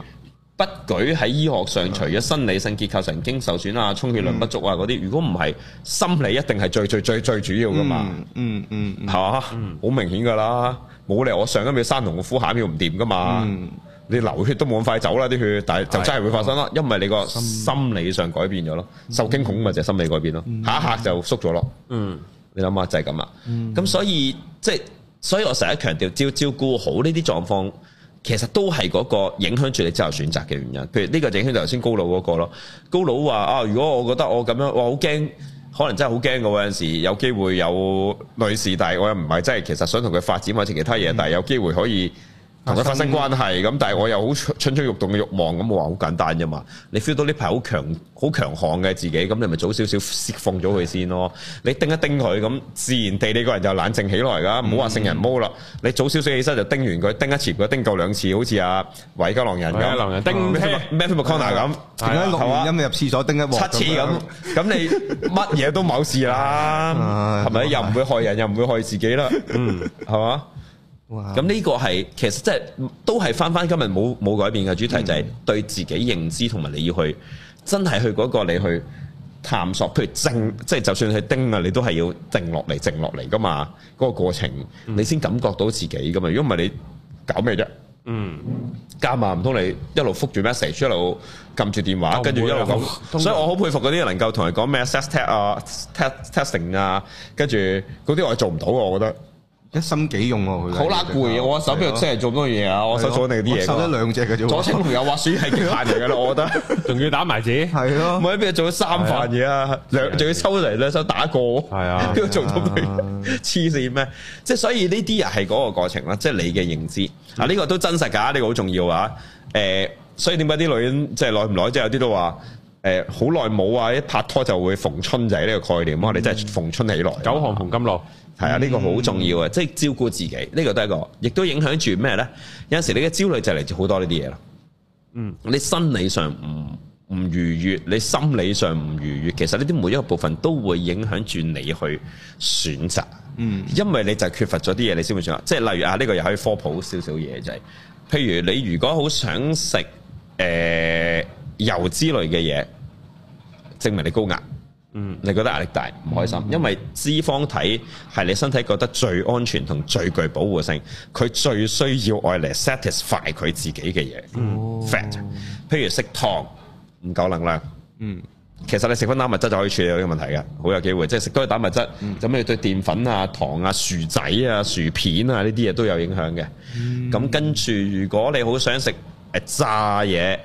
不舉喺醫學上，除咗生理性結構神經受損啊、充血量不足啊嗰啲，如果唔係心理一定係最最最最主要噶嘛。嗯嗯，係嘛？好明顯噶啦，冇理由我上一秒山同我敷下秒唔掂噶嘛。你流血都冇咁快走啦，啲血，但係就真係會發生啦，因為你個心理上改變咗咯，受驚恐咪就係心理改變咯，下一刻就縮咗咯。嗯，你諗下就係咁啦。嗯，咁所以即係，所以我成日強調要照顧好呢啲狀況。其實都係嗰個影響住你之後選擇嘅原因，譬如呢個影響就頭先高佬嗰、嗰個咯，高佬話啊，如果我覺得我咁樣，我好驚，可能真係好驚嗰陣時有機會有女士，但係我又唔係真係其實想同佢發展或者其他嘢，嗯、但係有機會可以。同佢發生關係咁，但係我又好蠢蠢欲動嘅慾望咁，我話好簡單啫嘛。你 feel 到呢排好強好強悍嘅自己，咁你咪早少少釋放咗佢先咯。你叮一叮佢咁，自然地你個人就冷靜起來噶。唔好話聖人魔啦，你早少少起身就叮完佢，叮一次佢，叮夠兩次，好似阿維加郎人咁，叮 Matthew Connor 咁，頂多六點入廁所叮一七次咁，咁你乜嘢都冇事啦，係咪？又唔會害人，又唔會害自己啦，係嘛？咁呢哇 個係其實即、就、係、係、都係返返今日冇冇改變嘅主題，就係對自己認知同埋你要去真係去嗰個你去探索，譬如靜，即係就算係叮啊，你都係要靜落嚟、靜落嚟噶嘛。嗰、嗰個過程你先感覺到自己噶嘛。如果唔係你搞咩啫？嗯，加埋唔通你一路覆住 message，一路撳住電話，啊、跟住一路講。啊、所以我好佩服嗰啲能夠同人講咩 set e s 啊、test testing 啊，跟住嗰啲我做唔到，我覺得。一心幾用啊，佢，好乸攰啊！我手邊又真係做咁多嘢啊！我手坐你啲嘢，坐得兩隻嘅啫喎。左青朋友滑雪係幾煩嘢嘅咯，我覺得。仲要打埋字，係咯，唔係邊度做咗三份嘢啊？兩仲要抽嚟兩手打過，係啊，邊個做到佢黐線咩？即係所以呢啲又係嗰個過程啦，即係你嘅認知嗱，呢個都真實㗎，呢個好重要啊。誒，所以點解啲女人即係耐唔耐即係有啲都話誒好耐冇啊？一拍拖就會逢春仔呢個概念，我哋真係逢春起來。久旱逢甘露。係啊，呢、這個好重要啊。嗯、即係照顧自己，呢、這個都係一個，亦都影響住咩呢？有陣時你嘅焦慮就嚟自好多呢啲嘢咯。嗯，你，你心理上唔唔愉悅，你心理上唔愉悅，其實呢啲每一個部分都會影響住你去選擇。嗯，因為你就缺乏咗啲嘢，你先會選擇。即係例如啊，呢、這個又可以科普少少嘢就係、是，譬如你如果好想食誒、呃、油脂類嘅嘢，證明你高壓。嗯，你覺得壓力大唔開心，嗯、因為脂肪體係你身體覺得最安全同最具保護性，佢最需要愛嚟 satisfy 佢自己嘅嘢。fat 譬如食糖唔夠能量。嗯，其實你食翻蛋白質就可以處理到呢個問題嘅，好有機會即係食多啲蛋白質，咁你、嗯、對澱粉啊、糖啊、薯仔啊、薯片啊呢啲嘢都有影響嘅。咁、嗯嗯、跟住如果你好想食炸嘢，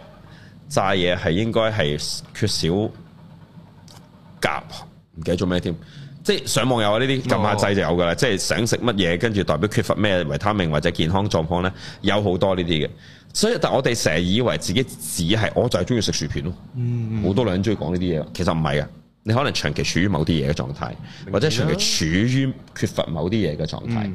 炸嘢係應該係缺少。夾唔記得做咩添？即係上網有呢啲撳下掣就有噶啦。即係想食乜嘢，跟住代表缺乏咩維他命或者健康狀況咧，有好多呢啲嘅。所以，但我哋成日以為自己只係我就係中意食薯片咯。嗯、好多女人中意講呢啲嘢，其實唔係啊。你可能長期處於某啲嘢嘅狀態，或者長期處於缺乏某啲嘢嘅狀態。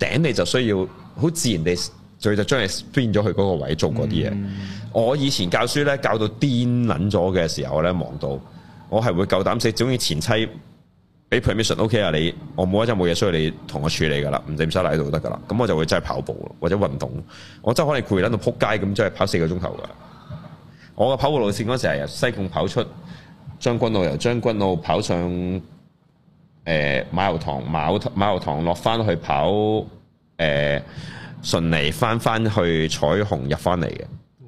頂、嗯、你就需要好自然地，所以就將你變咗去嗰個位做嗰啲嘢。嗯、我以前教書咧，教到癲捻咗嘅時候咧，忙到。我係會夠膽死，總之前妻俾 permission，OK 啊你，我冇一陣冇嘢，需要你同我處理㗎啦，唔使唔使賴喺度得㗎啦。咁我就會真係跑步，或者運動，我真係可能攰喺度撲街咁，真係跑四個鐘頭㗎。我嘅跑步路線嗰陣時係由西貢跑出將軍澳由將軍澳跑上誒馬油塘，馬油油塘落翻去跑誒順利，翻翻去彩虹入翻嚟嘅。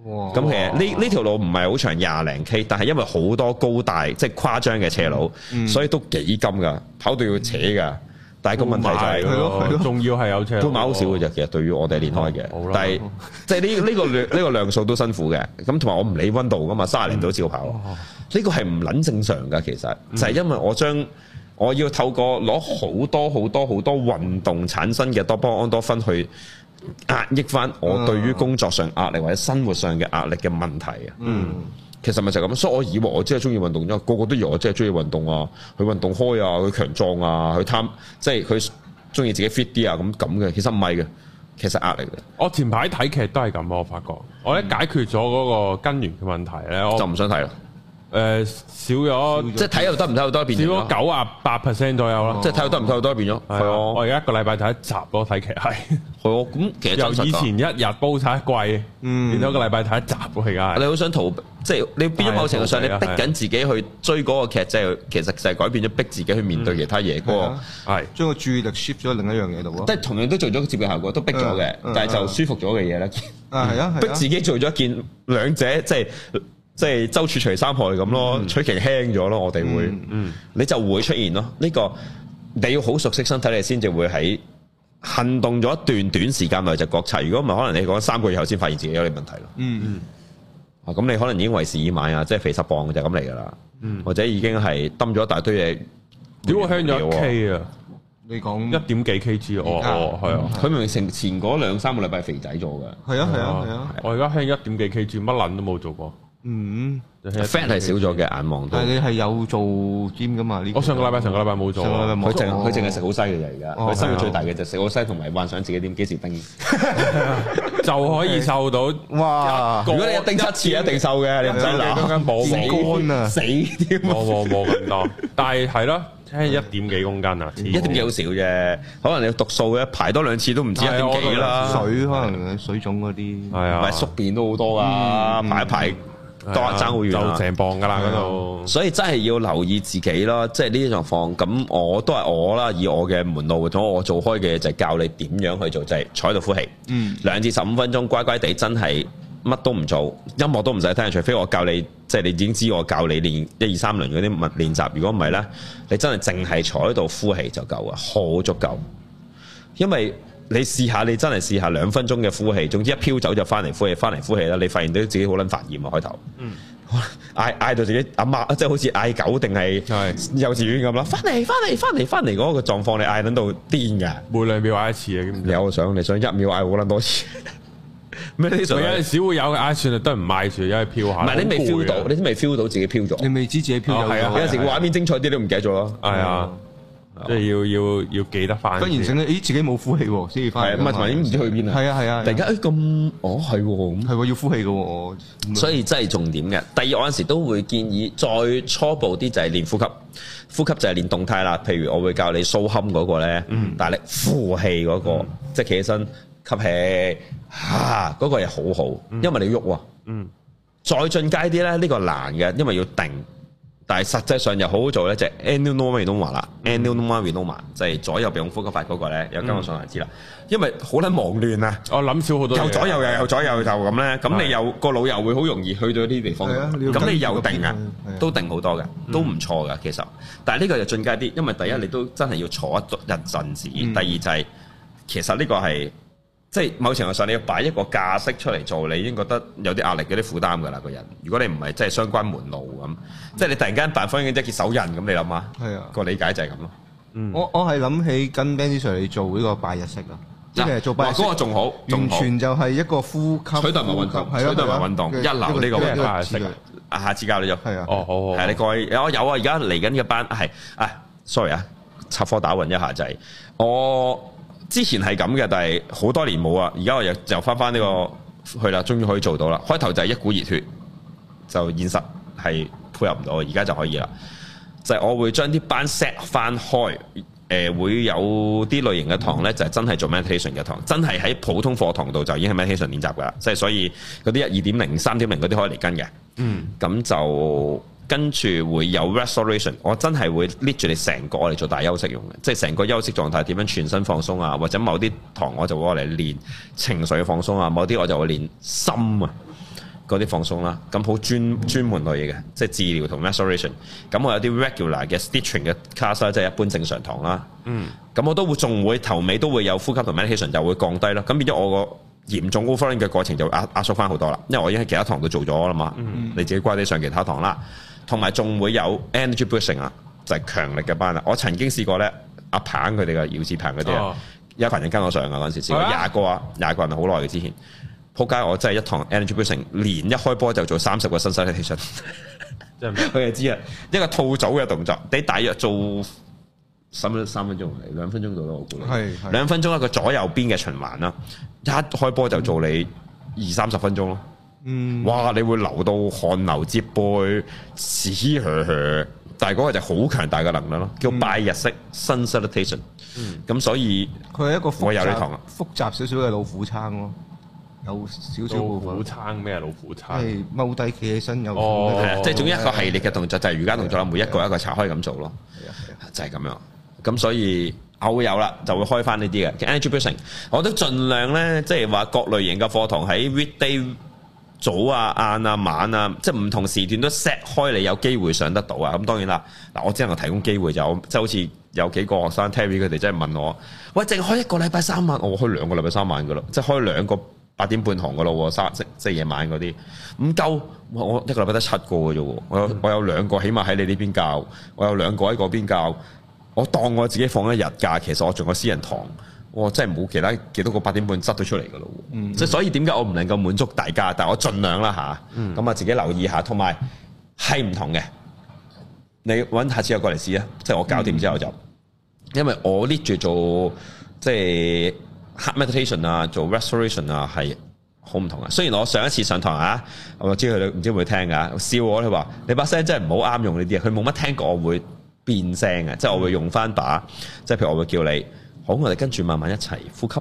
哇！咁其實呢呢條路唔係好長，廿零 K，但係因為好多高大即係誇張嘅斜路，嗯、所以都幾金噶，跑到要扯噶。但係個問題就係，仲要係有斜路，都唔好少嘅就其實對於我哋練開嘅。啊、但係即係呢呢個呢、呢個呢個呢個量數都辛苦嘅。咁同埋我唔理溫度噶嘛，卅零度照跑。呢、嗯、個係唔撚正常嘅，其實就係、是、因為我將我要透過攞好多好多好多，多，多，多運動產生嘅多巴胺安多酚去。壓抑翻我對於工作上壓力或者生活上嘅壓力嘅問題啊，嗯，其實咪就係咁，所以我以為我真係中意運動啫，因為個個都以為我真係中意運動啊，去運動開啊，去強壯啊，去貪，即係佢中意自己 fit 啲啊，咁咁嘅，其實唔係嘅，其實壓力嘅。我前排睇劇都係咁，我發覺，我一解決咗嗰個根源嘅問題咧，嗯、我不就唔想睇啦。誒，少咗即係睇又得唔睇好多變咗，少咗九啊八 percent 左右啦，即係睇又得唔睇好多變咗。係我而家一個禮拜睇一集咯，睇劇係。係咁，其實就以前一日煲晒一季，嗯，變咗個禮拜睇一集咯，而家係。你好想逃，即係你變咗某程度上，你逼緊自己去追嗰個劇，即係其實就係改變咗逼自己去面對其他嘢，嗰個係將個注意力 shift 咗另一樣嘢度咯。即係同樣都做咗個視覺效果，都逼咗嘅，但係就舒服咗嘅嘢咧。係啊，逼自己做咗一件兩者即係。即係周處除三害咁咯，取其輕咗咯，我哋會，你就會出現咯。呢個你要好熟悉身體你先至會喺行動咗一段短時間內就覺察。如果唔係，可能你講三個月後先發現自己有啲問題咯。嗯嗯，啊咁你可能已經為時已晚啊，即係肥十磅就咁嚟噶啦。嗯，或者已經係抌咗一大堆嘢。點會我輕咗 K 啊？你講一點幾 Kg 哦，係啊，佢明明前前嗰兩三個禮拜肥仔咗嘅。係啊係啊係啊，我而家輕一點幾 Kg，乜捻都冇做過。嗯，fat 係少咗嘅，眼望到。係你係有做 gym 噶嘛？呢個我上個禮拜上個禮拜冇做，佢淨佢淨係食好西嘅啫，而家佢生活最大嘅就食好西同埋幻想自己點幾時冰。就可以瘦到哇！如果你一丁一次一定瘦嘅，你唔使諗，冇冇咁多，但係係咯，一點幾公斤啊，一點幾好少啫，可能你有毒素嘅排多兩次都唔止一點幾啦，水可能水腫嗰啲係啊，唔係宿便都好多噶，排一排。多一爭好遠，就成磅噶啦度。 所以真係要留意自己啦，即係呢啲狀況。咁我都係我啦，以我嘅門路，咁我做開嘅就係教你點樣去做，就係、是、坐喺度呼氣，嗯，兩至十五分鐘乖乖地真係乜都唔做，音樂都唔使聽，除非我教你，即、就、係、是、你已經知我教你練一二三輪嗰啲問練習。如果唔係呢，你真係淨係坐喺度呼氣就夠啊，好足夠，因為。你試下，你真係試下兩分鐘嘅呼氣，總之一飄走就翻嚟呼氣，翻嚟呼氣啦！你發現到自己好撚煩厭啊，開頭。嗯。嗌嗌到自己阿媽，即係好似嗌狗定係幼稚園咁啦，翻嚟翻嚟翻嚟翻嚟嗰個狀況，你嗌撚到癲嘅。每兩秒嗌一次啊，有想你想一秒嗌好撚多次。咩？有陣時會有嘅，嗌算係都唔嗌住，因為飄下。唔係你未 feel 到，你都未 feel 到自己飄咗。你未知自己飄咗，有時畫面精彩啲你唔記得咗咯。係啊。即係要要要記得翻，忽然醒咧，咦、欸，自己冇呼氣，先至翻。唔係同埋唔知去邊啊？係啊係啊！啊啊突然間誒咁，哦，係咁、啊，係喎、啊，要呼氣嘅，所以真係重點嘅。第二我陣時都會建議再初步啲就係練呼吸，呼吸就係練動態啦。譬如我會教你縮襟嗰個咧，嗯、但係你呼氣嗰、那個，嗯、即係企起身吸氣，啊，嗰、那個係好好，因為你要喐、嗯。嗯。再進階啲咧，呢、這個難嘅，因為要定。但係實際上又好好做咧，就 annual nomadoma 啦，annual nomadoma r 就係左右鼻孔呼吸法嗰個咧，有跟我上嚟知啦。因為好撚忙亂啊，我諗少好多，右左右右，右左右就咁咧，咁你又個腦又會好容易去到啲地方，咁你又定噶，都定好多嘅，都唔錯嘅其實。但係呢個就進階啲，因為第一你都真係要坐一陣子，第二就係其實呢個係。即係某程度上，你要擺一個架式出嚟做，你已經覺得有啲壓力、有啲負擔㗎啦。個人，如果你唔係即係相關門路咁，即係你突然間辦翻結手印咁，你諗下，係啊，個理解就係咁咯。嗯，我我係諗起跟 Ben Sir 你做呢個拜日式啊，即係做拜日式。嗰個仲好，完全就係一個呼吸。取代埋運動，取代埋運動，一流呢個呼吸下次教你就係啊，哦，好好，係你過去，有有啊，而家嚟緊嘅班係啊，sorry 啊，插科打諢一下就係我。之前係咁嘅，但係好多年冇啊！而家我又又翻翻呢個去啦，終於可以做到啦。開頭就係一股熱血，就現實係配合唔到，而家就可以啦。就係，我會將啲班 set 翻開，誒、呃、會有啲類型嘅堂呢，就係真係做 meditation 嘅堂，真係喺普通課堂度就已經係 meditation 練習噶啦。即係所以嗰啲一二點零、三點零嗰啲可以嚟跟嘅，嗯，咁就。跟住會有 restoration，我真係會 lift 住你成個我嚟做大休息用嘅，即係成個休息狀態點樣全身放鬆啊，或者某啲堂我就攞嚟練情緒嘅放鬆啊，某啲我就會練心啊嗰啲放鬆啦、啊，咁好專專門類嘅、嗯啊，即係治療同 restoration。咁我有啲 regular 嘅 stitching 嘅 class 啦，即係一般正常堂啦。嗯，咁我都會仲會頭尾都會有呼吸同 meditation，就會降低咯。咁變咗我個嚴重 overload 嘅過程就壓壓縮翻好多啦，因為我已經喺其他堂度做咗啦嘛。嗯、你自己乖啲上其他堂啦。同埋仲會有 energy boosting 啊，就係強力嘅班啦。我曾經試過咧，阿鵬佢哋嘅姚志鵬嗰啲啊，有一份人跟我上啊嗰陣時，試過廿個啊，廿個人好耐嘅之前。仆街！我真係一堂 energy boosting，連一開波就做三十個新身體提升， 真係佢哋知啊！一個套組嘅動作，你大約做三分三分鐘嚟，兩分鐘到都好攰。係係，兩分，分鐘一個左右邊嘅循環啦，一開波就做你二三十分鐘咯。嗯，哇！你會流到汗流浹背，屎殼殼，但係嗰個就好強大嘅能量咯，叫拜日式 sun salutation、嗯。咁所以佢係一個複雜，我有堂複雜少少嘅老虎撐咯，有少少老虎撐咩？老虎撐即踎低企起身，有少少老虎哦，即係一種一個系列嘅動作，哎、呀就係瑜伽動作啦，哎、呀每一個一個拆開咁做咯，哎、呀就係咁樣。咁所以偶有啦，就會開翻呢啲嘅 energy building 我都盡量咧，即係話各類型嘅課堂喺 weekday。早啊、晏啊、晚啊，即係唔同時段都錫開你有機會上得到啊！咁當然啦，嗱，我只能提供機會就即係好似有幾個學生 Terry 佢哋真係問我，喂，淨開一個禮拜三晚，我、哦、開兩個禮拜三晚嘅咯，即係開兩個八點半堂嘅咯，三即即夜晚嗰啲，唔夠，我一個禮拜得七個嘅啫喎，我有我有兩個起碼喺你呢邊教，我有兩個喺嗰邊教，我當我自己放一日假，其實我仲有私人堂。我真係冇其他幾多個八點半執到出嚟嘅咯，即係、嗯、所以點解我唔能夠滿足大家，但我盡量啦吓，咁啊、嗯、自己留意下，同埋係唔同嘅。你揾下次有過嚟試啊！即係我搞掂之後就，嗯、因為我拎住做即係 head meditation 啊，Meditation, 做 restoration 啊，係好唔同啊。雖然我上一次上堂啊，我知佢哋唔知會唔會聽㗎。笑我佢話你把聲真係唔好啱用呢啲。佢冇乜聽過我會變聲嘅，即係、嗯、我會用翻把，即係譬如我會叫你。好，我哋跟住慢慢一齊呼吸。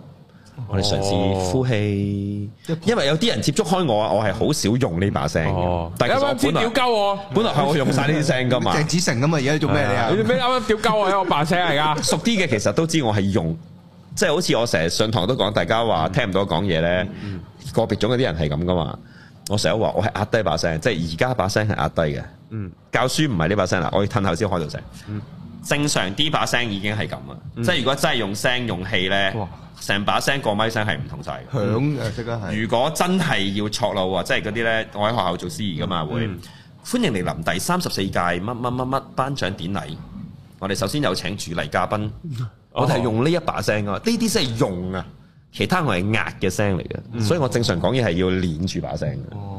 我哋嘗試呼氣，因為有啲人接觸開我啊，我係好少用呢把聲。大家唔好屌鳩我，本來係我用晒呢啲聲噶嘛。鄭子成咁嘛，而家做咩你啊？你咩啊？屌鳩我有把聲嚟噶。熟啲嘅其實都知我係用，即係好似我成日上堂都講，大家話聽唔到講嘢咧，個別種嗰啲人係咁噶嘛。我成日話我係壓低把聲，即係而家把聲係壓低嘅。嗯，教書唔係呢把聲啦，我要吞口先開到聲。嗯。正常啲把聲已經係咁啦，嗯、即係如果真係用聲用氣呢，成哇把聲過咪聲係唔同晒嘅。如果真係要錯漏，即係嗰啲呢，我喺學校做司儀噶嘛、嗯嗯、會，歡迎嚟臨第三十四屆乜乜乜乜頒獎典禮。我哋首先有請主禮嘉賓，哦、我哋係用呢一把聲啊，呢啲先係用啊，其他我係壓嘅聲嚟嘅，嗯、所以我正常講嘢係要捏住把聲嘅。哦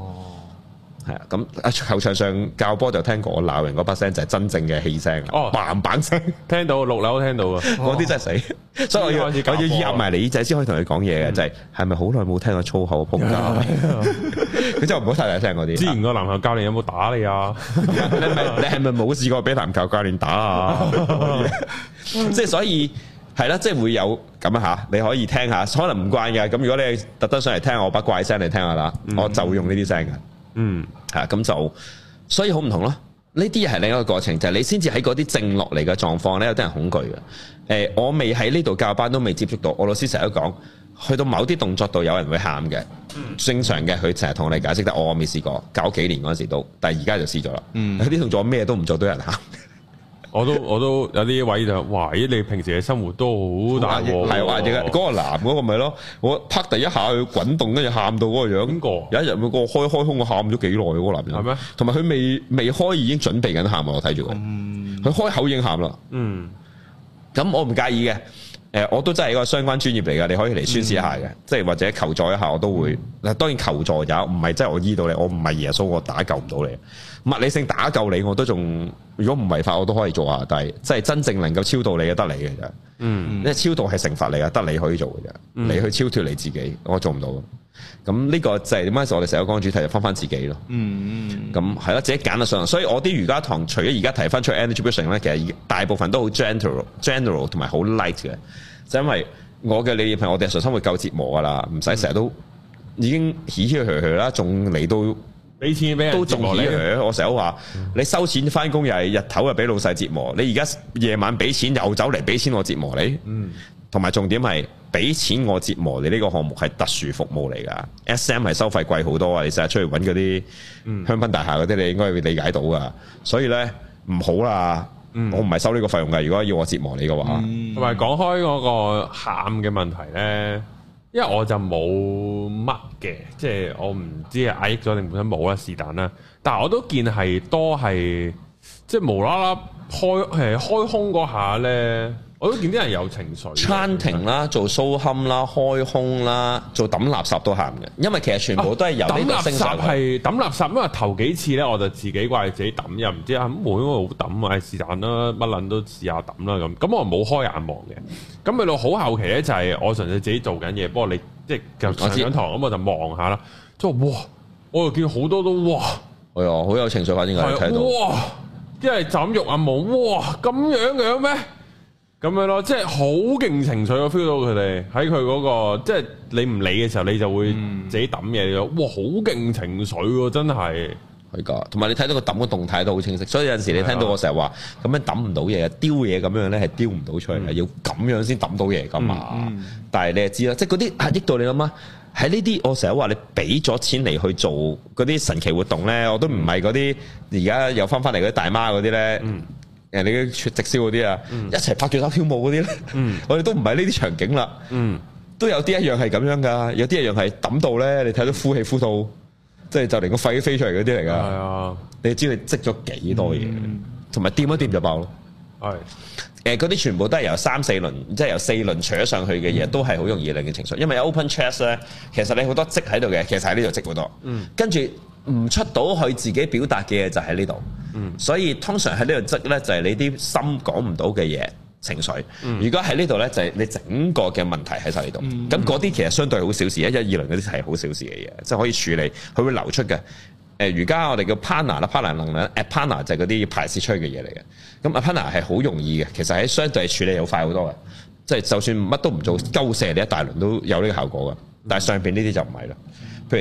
係啊，咁球場上教波就聽過我鬧人嗰把聲就係真正嘅氣聲，砰砰聲聽到六樓聽到，嗰啲真係死，所以我要搞要壓埋你耳仔先可以同佢講嘢嘅，就係係咪好耐冇聽過粗口扑街？佢真係唔好太大聲嗰啲。之前個籃球教練有冇打你啊？你咪你係咪冇試過俾籃球教練打啊？即係所以係啦，即係會有咁啊吓，你可以聽下，可能唔慣嘅。咁如果你特登上嚟聽我把怪聲嚟聽下啦，我就用呢啲聲嘅。嗯，係咁，啊、就，所以好唔同咯。呢啲係另一個過程，就係、是、你先至喺嗰啲靜落嚟嘅狀況呢，有啲人恐懼嘅。誒、欸，我未喺呢度教班都未接觸到。我老師成日都講，去到某啲動作度，有人會喊嘅，嗯，正常嘅。佢成日同我哋解釋，得，我未試過。教幾年嗰陣時都，但係而家就試咗啦。有啲動作咩都唔做，都有人喊。嗯 我都我都有啲位就話咦，你平時嘅生活都好大鑊，係懷疑嗰個男嗰個咪咯，我啪第一下佢滾動，跟住喊到嗰個樣。誰有一日佢個開開胸，佢喊咗幾耐嗰個男人。係咩嗎？同埋佢未未開已經準備緊喊啊！我睇住佢，佢、嗯、開口已經喊啦。嗯，咁我唔介意嘅。誒，我都真係一個相關專業嚟㗎，你可以嚟宣示一下嘅，即係、嗯、或者求助一下，我都會。嗱，當然求助有，唔係真係我醫到你，我唔係耶穌，我打救唔到你。物理性打救你，我都仲如果唔違法，我都可以做㗎。但係真係真正能夠超度你嘅得你嘅咋，嗯，因為超度係懲罰你啊，得、嗯、你可以做嘅咋，你去超脱你自己，我做唔到。咁呢個就係點解？我哋成日講主題，就翻翻自己咯。嗯咁係啦，自己揀得上。所以我啲瑜伽堂除咗而家提翻出 energy building 咧，其實大部分都好 general general 同埋好 light 嘅。就因為我嘅理念係我哋嘅身心會夠折磨噶啦，唔使成日都已經起起噏噏啦，仲嚟到俾錢俾人折磨你。我成日都話：你收錢翻工又係日頭又俾老細折磨，你而家夜晚俾錢又走嚟俾錢我折磨你。嗯。同埋重點係俾錢我折磨你呢個項目係特殊服務嚟㗎，SM 係收費貴好多啊！你成日出去揾嗰啲香檳大廈嗰啲，你應該會理解到㗎。所以咧唔好啦，我唔係收呢個費用㗎。如果要我折磨你嘅話，同埋講開嗰個喊嘅問題咧，因為我就冇乜嘅，即係我唔知壓益咗定本身冇啦，是但啦。但係我都見係多係即係無啦啦開誒開空嗰下咧。我都見啲人有情緒，餐停啦，做蘇冚啦，開胸啦，做抌垃圾都行嘅，因為其實全部都係有呢垃圾係抌垃圾，因為頭幾次咧，我就自己怪自己抌，又唔知啊咁，冇因為好抌啊，唉是但啦，乜撚都試下抌啦咁。咁我冇開眼望嘅，咁咪到好後期咧，就係我純粹自己做緊嘢，不過你即係上緊堂咁我就望下啦，即係哇，我又見好多都哇，哎唷好有情緒反應嘅，睇是到哇，即係斬肉眼冇！哇，咁樣樣咩？咁樣咯，即係好勁情緒，我 feel 到佢哋喺佢嗰個，即係你唔理嘅時候，你就會自己抌嘢咗。哇，好勁情緒喎、啊，真係。係噶，同埋你睇到個抌嘅動態都好清晰。所以有陣時你聽到我成日話咁樣抌唔到嘢，丟嘢咁樣咧，係丟唔、嗯、到出嚟，係要咁樣先抌到嘢噶嘛。嗯嗯但係你又知啦，即係嗰啲壓抑到你諗啊，喺呢啲我成日話你俾咗錢嚟去做嗰啲神奇活動咧，我都唔係嗰啲而家又翻翻嚟嗰啲大媽嗰啲咧。嗯嗯。人哋嘅直銷嗰啲啊，嗯、一齊拍住手跳舞嗰啲咧，嗯、 我哋都唔係呢啲場景啦。嗯、都有啲一樣係咁樣噶，有啲一樣係抌到咧。你睇到呼氣呼到，即係就連個肺都飛出嚟嗰啲嚟噶。嗯、你知佢積咗幾多嘢，同埋掂一掂就爆咯。係、嗯，誒嗰啲全部都係由三四輪，即係由四輪除咗上去嘅嘢，嗯、都係好容易令嘅情緒。因為 open chest 咧，其實你好多積喺度嘅，其實喺呢度積好多。嗯，跟住。唔出到去自己表達嘅嘢就喺呢度，嗯、所以通常喺呢度積咧就係、是、你啲心講唔到嘅嘢情緒。嗯、如果喺呢度咧就係、是、你整個嘅問題喺晒呢度。咁嗰啲其實相對好小事，一一二輪嗰啲係好小事嘅嘢，即係可以處理，佢會流出嘅。誒、呃，而家我哋叫 apana 啦 apana 能量 apana 就係嗰啲排泄出嘅嘢嚟嘅。咁 apana 係好容易嘅，其實喺相對處理好快好多嘅，即係就算乜都唔做，鳩射你一大輪都有呢個效果嘅。但係上邊呢啲就唔係啦。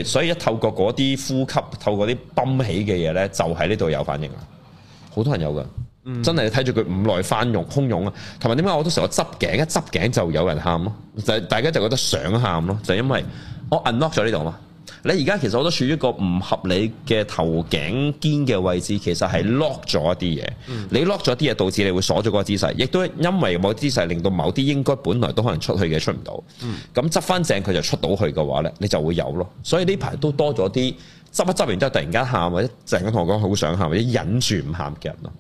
所以一透過嗰啲呼吸，透過啲泵起嘅嘢咧，就喺呢度有反應啦。好多人有噶，嗯、真係睇住佢唔耐翻湧胸湧啊。同埋點解我好多時候我執頸，一執頸就有人喊咯、啊，就係大家就覺得想喊咯、啊，就因為我 unlock 咗呢度嘛。你而家其實我都處於個唔合理嘅頭頸肩嘅位置，其實係 lock 咗一啲嘢。嗯、你 lock 咗啲嘢，導致你會鎖咗個姿勢，亦都因為某姿勢令到某啲應該本來都可能出去嘅出唔到。咁執翻正佢就出到去嘅話呢，你就會有咯。所以呢排都多咗啲執一執、嗯、完之後突然間喊或者成日同我講好想喊或者忍住唔喊嘅人咯。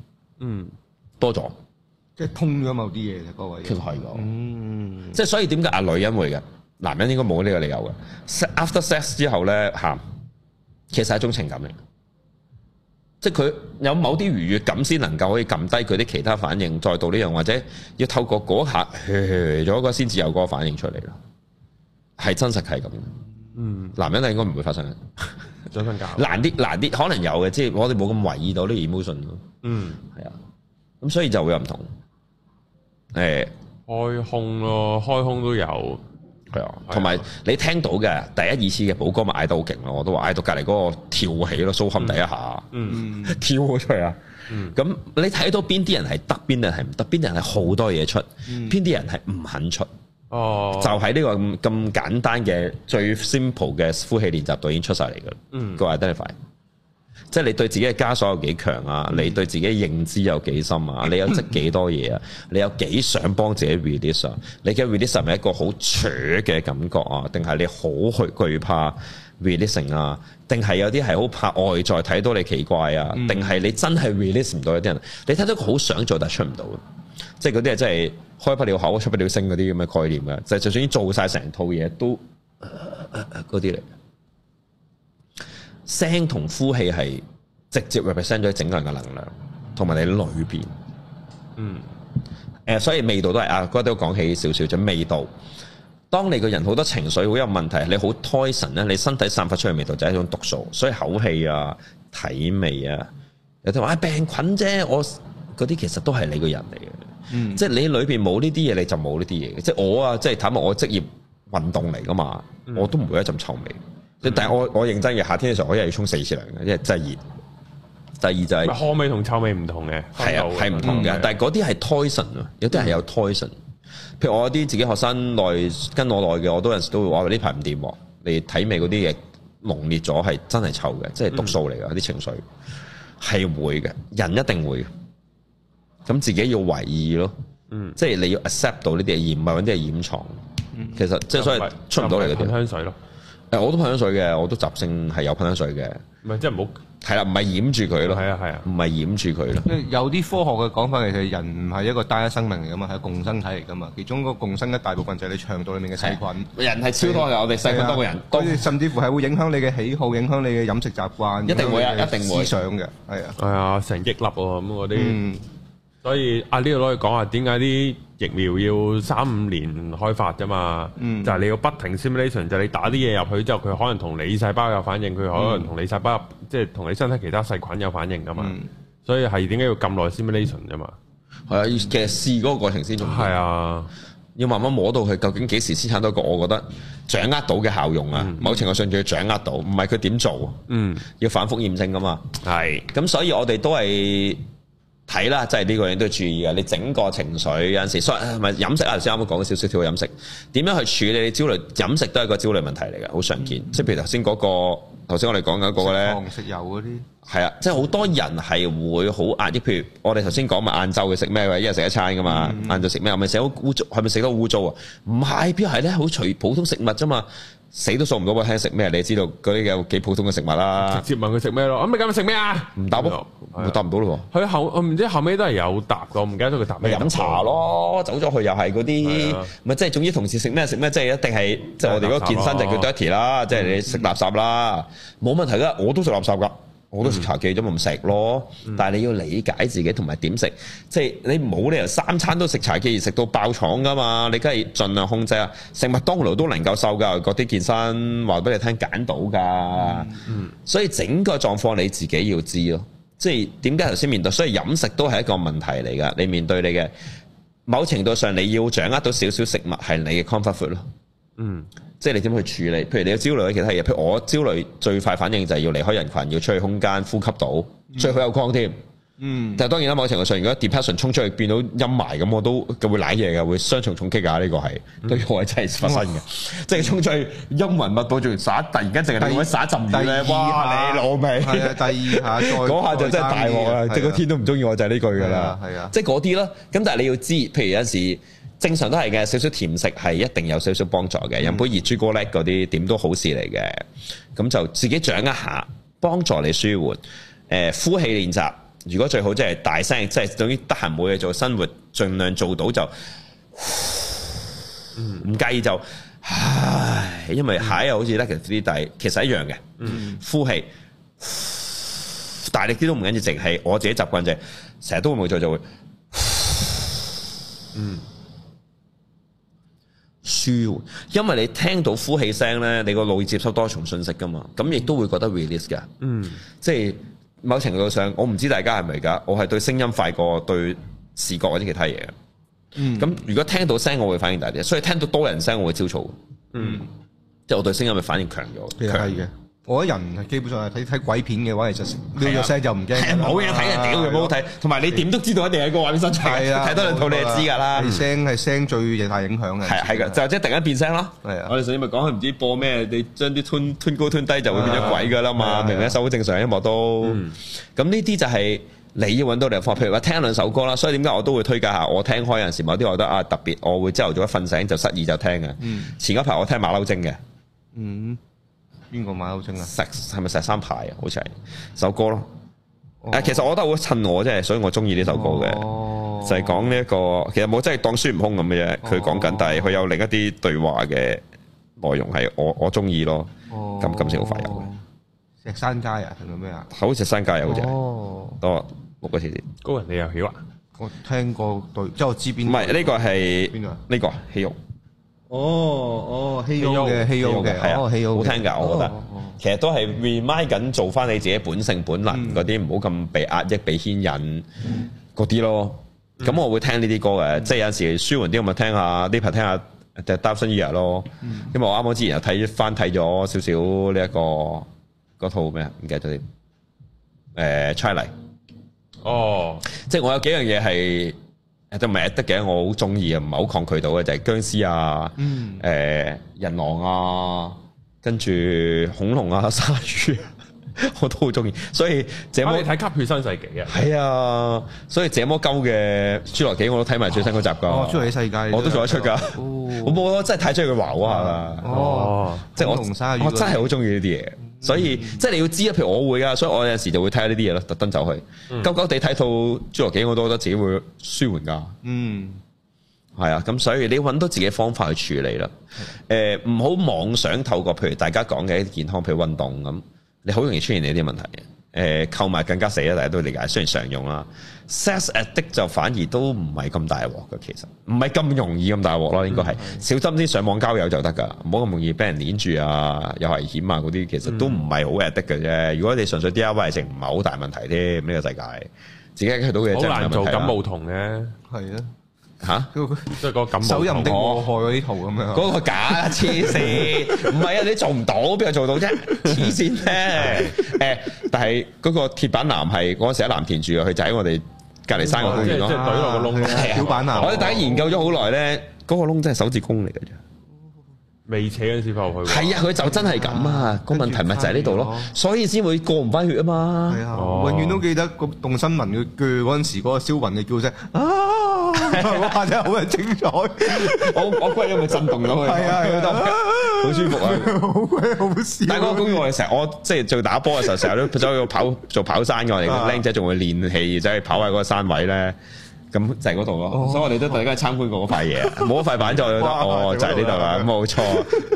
嗯，多咗，即係通咗某啲嘢嘅各位。其實係㗎。即係所以點解阿女人會嘅？男人應該冇呢個理由嘅。After sex 之後咧嚇，其實係一種情感嚟，即係佢有某啲愉悅感先能夠可以撳低佢啲其他反應，再到呢樣或者要透過嗰一下去咗個先至有個反應出嚟咯，係真實係咁。嗯，男人咧應該唔會發生嘅。再瞓覺難啲難啲，可能有嘅，即係我哋冇咁為意到啲 emotion 咯。Em 嗯，係啊，咁所以就會有唔同。誒、欸，開胸咯，開胸都有。係啊，同埋你聽到嘅第一二次嘅補歌賣得好勁咯，我都話嗌到隔離嗰個跳起咯，蘇冚第一下，嗯嗯，跳咗出嚟啊，嗯，咁、 嗯、你睇到邊啲人係得，邊啲係唔得，邊啲人係好多嘢出，邊啲、嗯、人係唔肯出，哦，就喺呢個咁簡單嘅、嗯、最 simple 嘅呼氣練習度已經出晒嚟噶啦，嗯，個 i d e n t i f 即係你對自己嘅枷鎖有幾強啊？你對自己認知有幾深啊？你有值幾多嘢啊？你有幾想幫自己 release 啊？你嘅 release 係一個好爽嘅感覺啊？定係你好去懼，懼怕 releasing 啊？定係有啲係好怕外在睇到你奇怪啊？定係你真係 release 唔到，有啲人，你睇到佢好想做但係出唔到，即係嗰啲係真係開不了口、出不了聲嗰啲咁嘅概念嘅，就就算做晒成套嘢都嗰啲嚟。啊啊啊。聲同呼氣係直接 represent 咗整個人嘅能量，同埋你裏邊，嗯，誒、呃，所以味道都係啊，嗰啲都講起少少，即係味道。當你個人好多情緒好有問題，你好胎神咧，你身體散發出嚟味道就係一種毒素，所以口氣啊、體味啊，有啲話啊病菌啫，我嗰啲其實都係你個人嚟嘅，嗯、即係你裏邊冇呢啲嘢，你就冇呢啲嘢嘅，即係我啊，即係坦白，我職業運動嚟噶嘛，我都唔會一陣臭味。嗯嗯、但係我我認真嘅，夏天嘅時候我一日要沖四次涼嘅，因為真係熱。第二就係、是。汗味同臭味唔同嘅，係啊，係唔同嘅。嗯、但係嗰啲係苔蘚啊，有啲係有苔蘚。譬如我啲自己學生來跟我耐嘅，我都有時都會話：呢排唔掂。你體味嗰啲嘢濃烈咗，係真係臭嘅，即係毒素嚟噶啲情緒係會嘅，人一定會。咁自己要為意咯，嗯、即係你要 accept 到呢啲，而唔係揾啲係掩藏。嗯、其實即係所以出唔到嚟嗰啲香水咯。誒，我都噴咗水嘅，我都習性係有噴咗水嘅。唔係，即係唔好，係啦、啊，唔係掩住佢咯。係啊，係啊，唔係掩住佢咯。有啲科學嘅講法嚟講，其實人唔係一個單一生命嚟噶嘛，係共生體嚟噶嘛。其中個共生嘅大部分就係你腸道裡面嘅細菌。啊、人係超多嘅，啊、我哋細菌多過人、啊。甚至乎係會影響你嘅喜好，影響你嘅飲食習慣，啊、一定會啊，一定會。思想嘅，係啊。係、嗯、啊，成億粒喎咁嗰啲。所以啊，呢度攞嚟講下點解啲。疫苗要三五年開發啫嘛，就係你要不停 simulation，就係你打啲嘢入去之後，佢可能同你細胞有反應，佢可能同你細胞即係同你身體其他細菌有反應噶嘛，所以係點解要咁耐 simulation 啫嘛？係啊，要其實試嗰個過程先做。係啊，要慢慢摸到佢究竟幾時先產到一個我覺得掌握到嘅效用啊！某程度上仲要掌握到，唔係佢點做，嗯，要反覆驗證噶嘛。係，咁所以我哋都係。睇啦，即係呢個嘢都要注意嘅。你整個情緒有陣時，所以咪、啊、飲食啊，頭先啱啱講少少，跳飲食點樣去處理焦慮？飲食都係個焦慮問題嚟嘅，好常見。即係譬如頭先嗰個，頭先我哋講緊嗰個咧，糖食油嗰啲，係啊，即係好多人係會好壓抑。譬如我哋頭先講埋晏晝會食咩？一日食一餐㗎嘛，晏晝食咩？係咪食好污糟？係咪食得污糟啊？唔係，表係咧？好隨普通食物咋嘛？死都數唔到，我聽食咩？你知道嗰啲有幾普通嘅食物啦。直接問佢食咩咯？咁你今日食咩啊？唔答，答唔到咯。佢後唔知後尾都係有答嘅，我唔記得咗佢答咩。咪飲茶咯，走咗去又係嗰啲，咪的即係總之同事食咩食咩，即係一定係的即係我哋嗰個健身就叫 dirty 啦，啊、即係你食垃圾啦，冇、嗯、問題噶，我都食垃圾噶。我都食茶記都唔食咯，嗯、但係你要理解自己同埋點食，即係你冇理由三餐都食茶記，而食到爆廠噶嘛？你梗係盡量控制啊！食麥當勞都能夠瘦噶，嗰啲健身話俾你聽揀到噶。嗯嗯、所以整個狀況你自己要知咯，即係點解頭先面對，所以飲食都係一個問題嚟噶。你面對你嘅某程度上，你要掌握到少少食物係你嘅 comfort food 咯。嗯，即係你點去處理？譬如你有焦慮，其他嘢，譬如我焦慮最快反應就係要離開人群，要出去空間呼吸到，最好有光添。嗯，但係當然啦，某程度上，如果 depression 衝出去變到陰霾，咁我都會瀨嘢嘅，會雙重重擊啊！呢個係，對我係真係發生嘅，即係衝出去陰雲密布，仲要撒，突然間淨係另外撒一陣雨哇！你老味第二下嗰下就真係大鑊啦！整個天都唔中意我，就係呢句噶啦，係啊，即係嗰啲啦。咁但係你要知，譬如有陣時。正常都係嘅，少少甜食係一定有少少幫助嘅，飲、嗯、杯熱朱古力嗰啲點都好事嚟嘅。咁就自己掌握下，幫助你舒緩。誒、呃，呼氣練習，如果最好即係大聲，即、就、係、是、等於得閒冇嘢做，生活盡量做到就，唔、嗯、介意就，唉，因為下一個好似拉其實啲，但係其實一樣嘅。嗯呼氣，呼氣，大力啲都唔緊要，淨係我自己習慣就，成日都會冇做就會，嗯。舒，因為你聽到呼氣聲呢，你個腦接收多重信息噶嘛，咁亦都會覺得 release 嘅。嗯，即係某程度上，我唔知大家係咪噶，我係對聲音快過對視覺嗰啲其他嘢嘅。咁、嗯、如果聽到聲，我會反應大啲，所以聽到多人聲，我會焦躁。嗯，即係我對聲音咪反應強咗，係嘅。我啲人係基本上係睇睇鬼片嘅話，其實你弱聲就唔驚。冇嘢睇人屌嘅，好好睇。同埋你點都知道一定係個畫面失真。啊，睇多兩套你就知㗎啦。聲係聲最影響嘅。係啊，就即係突然間變聲咯。係啊，我哋上次咪講佢唔知播咩，你將啲吞高吞低就會變咗鬼㗎啦嘛。明唔明啊？一首好正常，音樂都咁，呢啲就係你要揾到嚟放。譬如話聽兩首歌啦，所以點解我都會推介下我聽開嗰陣時，某啲我覺得啊特別，我會朝頭早一瞓醒就失意就聽嘅。前一排我聽馬騮精嘅。嗯。邊個馬騮精啊？石係咪石山牌啊？好似係首歌咯。誒，其實我都好襯我啫，所以我中意呢首歌嘅。就係講呢一個，其實冇真係當孫悟空咁嘅啫。佢講緊，但係佢有另一啲對話嘅內容係我我中意咯。咁咁先好快有嘅！石山街啊？定個咩啊？好石山街啊，好似哦，多六個字字。高人你又曉啊？我聽過對，即係我知邊。唔係呢個係邊個呢個戲肉。哦哦，氣悠嘅氣悠嘅，係啊，氣悠嘅，好聽㗎，我覺得。其實都係 remind 緊做翻你自己本性本能嗰啲，唔好咁被壓抑、被牽引嗰啲咯。咁我會聽呢啲歌嘅，即係有陣時舒緩啲，我咪聽下呢排聽下 The Dark Sun Year 咯。因為我啱啱之前又睇翻睇咗少少呢一個嗰套咩啊？唔記得咗啲。誒，Charlie。哦。即係我有幾樣嘢係。誒，唔係得嘅？我好中意啊，唔係好抗拒到嘅，就係、是、僵屍啊，誒、呃，人狼啊，跟住恐龍啊，鯊魚、啊，我都好中意。所以，咁、啊、你睇吸血新世紀啊。係啊，所以這麼舊嘅侏羅紀我都睇埋最新嗰集噶、啊。哦，侏羅紀世界，我都做得出噶。我、哦、我真係睇中佢娃娃啦。哦，即係紅我同「鯊魚我真係好中意呢啲嘢。所以即係你要知啊，譬如我會啊，所以我有陣時就會睇下呢啲嘢啦，特登走去，勾勾、嗯、地睇套侏羅紀，我都覺得自己會舒緩噶。嗯，係啊，咁所以你揾到自己方法去處理啦。誒、嗯、唔好、呃、妄想透過譬如大家講嘅一啲健康，譬如運動咁，你好容易出現呢啲問題嘅。誒購買更加死啦，大家都理解。雖然常用啦 s a、嗯、s at 的就反而都唔係咁大鑊嘅，其實唔係咁容易咁大鑊咯，嗯、應該係小心啲上網交友就得噶，唔好咁容易俾人黏住啊，有危險啊嗰啲，其實都唔係好 at 的嘅啫。如果你純粹 diy 藉唔係好大問題啫。呢、呢個世界自己去到嘅真係咁無同嘅，係啊。吓，即係個手淫的禍害嗰啲圖咁樣，嗰個假黐線，唔係啊！你做唔到，邊個做到啫？黐線咧，誒，但係嗰個鐵板男係嗰陣時喺藍田住嘅，佢就喺我哋隔籬山個公園咯。即係懟落個窿，鐵板男。我哋大家研究咗好耐咧，嗰個窿真係手指公嚟嘅啫，未扯嗰陣時破佢。係啊，佢就真係咁啊，個問題咪就係呢度咯，所以先會過唔翻血啊嘛。永遠都記得個動新聞嘅鋸嗰陣時嗰個銷魂嘅叫聲啊！話真係好精彩，我我骨有冇震動到？係啊，好舒服啊，好鬼好笑。但係嗰個公園我哋成日我即係做打波嘅時候，成日都走去跑做跑山嘅，我哋僆仔仲會練氣，即係跑喺嗰個山位咧，咁成嗰度咯。所以我哋都大家參觀過嗰塊嘢，冇塊板在就得，哦，就係呢度啦，冇錯，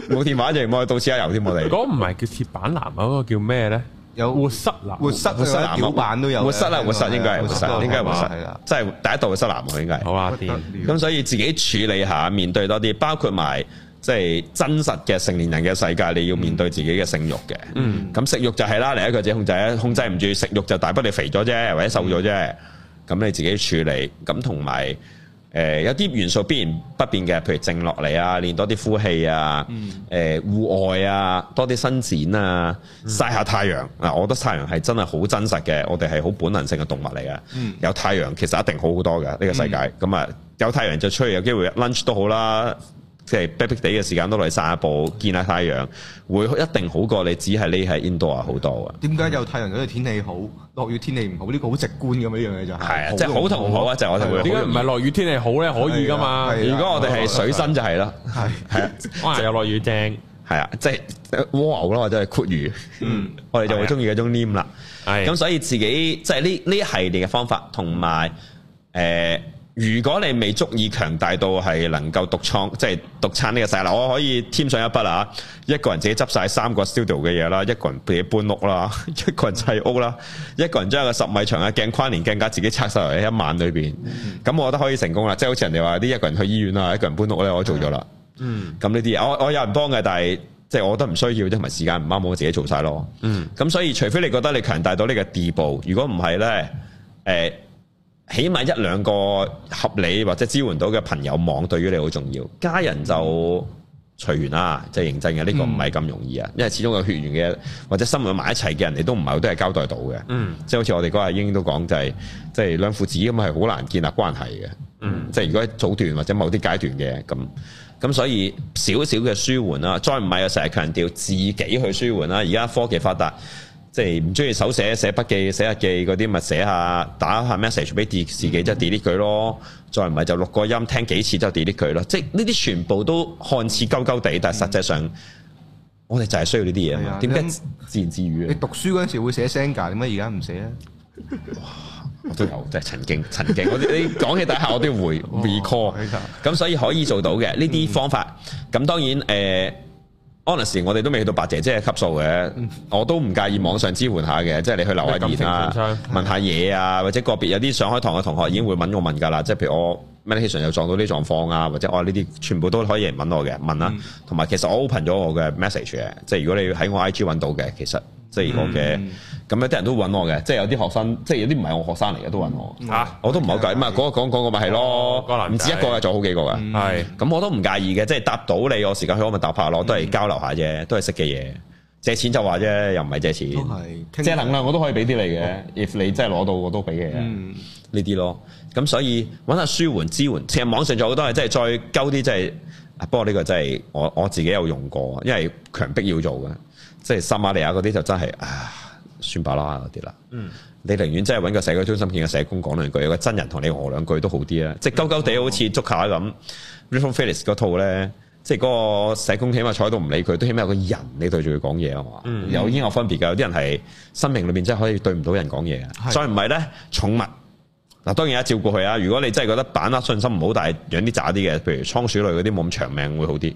冇鐵板就冇到此一遊添，我哋。如果唔係叫鐵板男啊，嗰個叫咩咧？有活塞啦，活塞、活塞、板都有，活塞啦，活塞應該係，活塞應該活塞係啦，即係第一度活塞難喎，應該。好啊，啲咁所以自己處理下，面對多啲，包括埋即係真實嘅成年人嘅世界，你要面對自己嘅性欲嘅。嗯，咁食慾就係啦，嚟一個自己控制，控制唔住食慾就大不你肥咗啫，或者瘦咗啫，咁你自己處理，咁同埋。誒、呃、有啲元素必然不變嘅，譬如靜落嚟啊，練多啲呼氣啊，誒、呃、戶外啊，多啲伸展啊，曬下太陽啊，我覺得太陽係真係好真實嘅，我哋係好本能性嘅動物嚟嘅，有太陽其實一定好好多嘅呢個世界，咁、呃、啊有太陽就出去，有機會 lunch 都好啦。即係逼逼地嘅時間都落嚟散下步，見下太陽，會一定好過你只係匿喺 indoor 啊好多啊。點解有太陽嗰度天氣好，落雨天氣唔好？呢個好直觀咁樣一樣嘢就係。係啊，即係好同唔好就我哋會。點解唔係落雨天氣好咧？可以噶嘛？如果我哋係水身就係咯。係係啊，就有落雨正。係啊，即係蝸牛咯，或者係闊魚。嗯，我哋就會中意一種黏啦。係。咁所以自己即係呢呢一系列嘅方法同埋誒。如果你未足以強大到係能夠獨創，即係獨撐呢個世界，我可以添上一筆啦，一個人自己執晒三個 studio 嘅嘢啦，一個人自己搬屋啦，一個人砌屋啦，一個人將個十米長嘅鏡框連鏡架自己拆曬嚟喺一晚裏邊，咁，嗯，我覺得可以成功啦。即係好似人哋話啲一個人去醫院啊，一個人搬屋咧，我都做咗啦。嗯，咁呢啲我我有人幫嘅，但係即係我覺得唔需要，同埋時間唔啱，我自己做晒咯。嗯，咁所以除非你覺得你強大到呢個地步，如果唔係咧，誒。起碼一兩個合理或者支援到嘅朋友網對於你好重要，家人就隨緣啦，即係認真嘅呢個唔係咁容易啊，嗯、因為始終有血緣嘅或者生活埋一齊嘅人，你都唔係好多係交代到嘅。嗯，即係好似我哋嗰日英英都講就係、是，即係兩父子咁係好難建立關係嘅。嗯，即係如果阻斷或者某啲階段嘅咁咁，所以少少嘅舒緩啦，再唔係就成日強調自己去舒緩啦。而家科技發達。即係唔中意手寫寫筆記寫日記嗰啲，咪寫下打下 message 俾自己，即係 delete 佢咯。嗯、再唔係就錄個音聽幾次，就 delete 佢咯。即係呢啲全部都看似鳩鳩地，但係實際上我哋就係需要呢啲嘢嘛。點解、嗯、自言自語，你，你讀書嗰陣時會寫聲㗎，點解而家唔寫啊？我都有，即係曾經曾經我哋講起底下我都要回 recall 咁，所以可以做到嘅呢啲方法。咁、嗯、當然誒。呃安利時，Honestly, 我哋都未去到八姐姐嘅級數嘅。嗯、我都唔介意網上支援下嘅，即係你去留下言啊，問下嘢啊，或者個別有啲上開堂嘅同學已經會問我問噶啦。即係譬如我 meditation、嗯、又撞到啲狀況啊，或者我呢啲全部都可以嚟問我嘅，問啊。同埋其實我 open 咗我嘅 message 嘅，即係如果你喺我 IG 揾到嘅，其實。四個嘅，咁有啲人都會揾我嘅，即係有啲學生，即係有啲唔係我學生嚟嘅都揾我。嚇、啊，我都唔係好計，咁啊講講講，我咪係咯，唔止一個嘅，仲有好幾個嘅，係、嗯。咁我都唔介意嘅，即係答到你，我時間去我咪答下咯，都係交流下啫，都係識嘅嘢。借錢就話啫，又唔係借錢，即係能量我都可以俾啲你嘅、啊、if 你真係攞到我都俾嘅。呢啲、嗯、咯。咁所以揾下舒緩支援，其實網上做好多係即係再鳩啲，即係。不過呢個真係我我自己有用過，因為強迫要做嘅。即係撒瑪利亞嗰啲就真係啊，算吧啦嗰啲啦。嗯，你寧願真係揾個社區中心見個社工講兩句，有個真人同你餓兩句都好啲啦。即係鳩鳩地好似足球咁。Rufus Felix 嗰、嗯嗯、套咧，即係嗰個社工起碼坐喺度唔理佢，都起碼有個人你對住佢講嘢啊嘛。有英鵝分別㗎，有啲人係生命裏面真係可以對唔到人講嘢啊。再唔係咧，寵物嗱，當然要照顧佢啊。如果你真係覺得板啦信心唔好，但係養啲渣啲嘅，譬如倉鼠類嗰啲冇咁長命會好啲。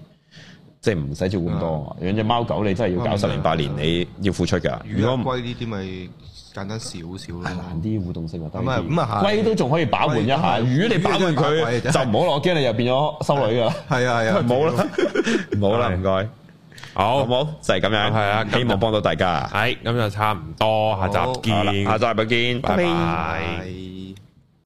即係唔使照咁多，養隻貓狗你真係要搞十年八年，你要付出噶。如果龜呢啲咪簡單少少咯，難啲互動性。唔係咁啊，龜都仲可以把玩一下，如果你把玩佢就唔好落驚，你又變咗收女噶。係啊係啊，冇啦，冇啦，唔該，好，好，就係咁樣，係啊，希望幫到大家。係，咁就差唔多，下集見，下集再見，拜。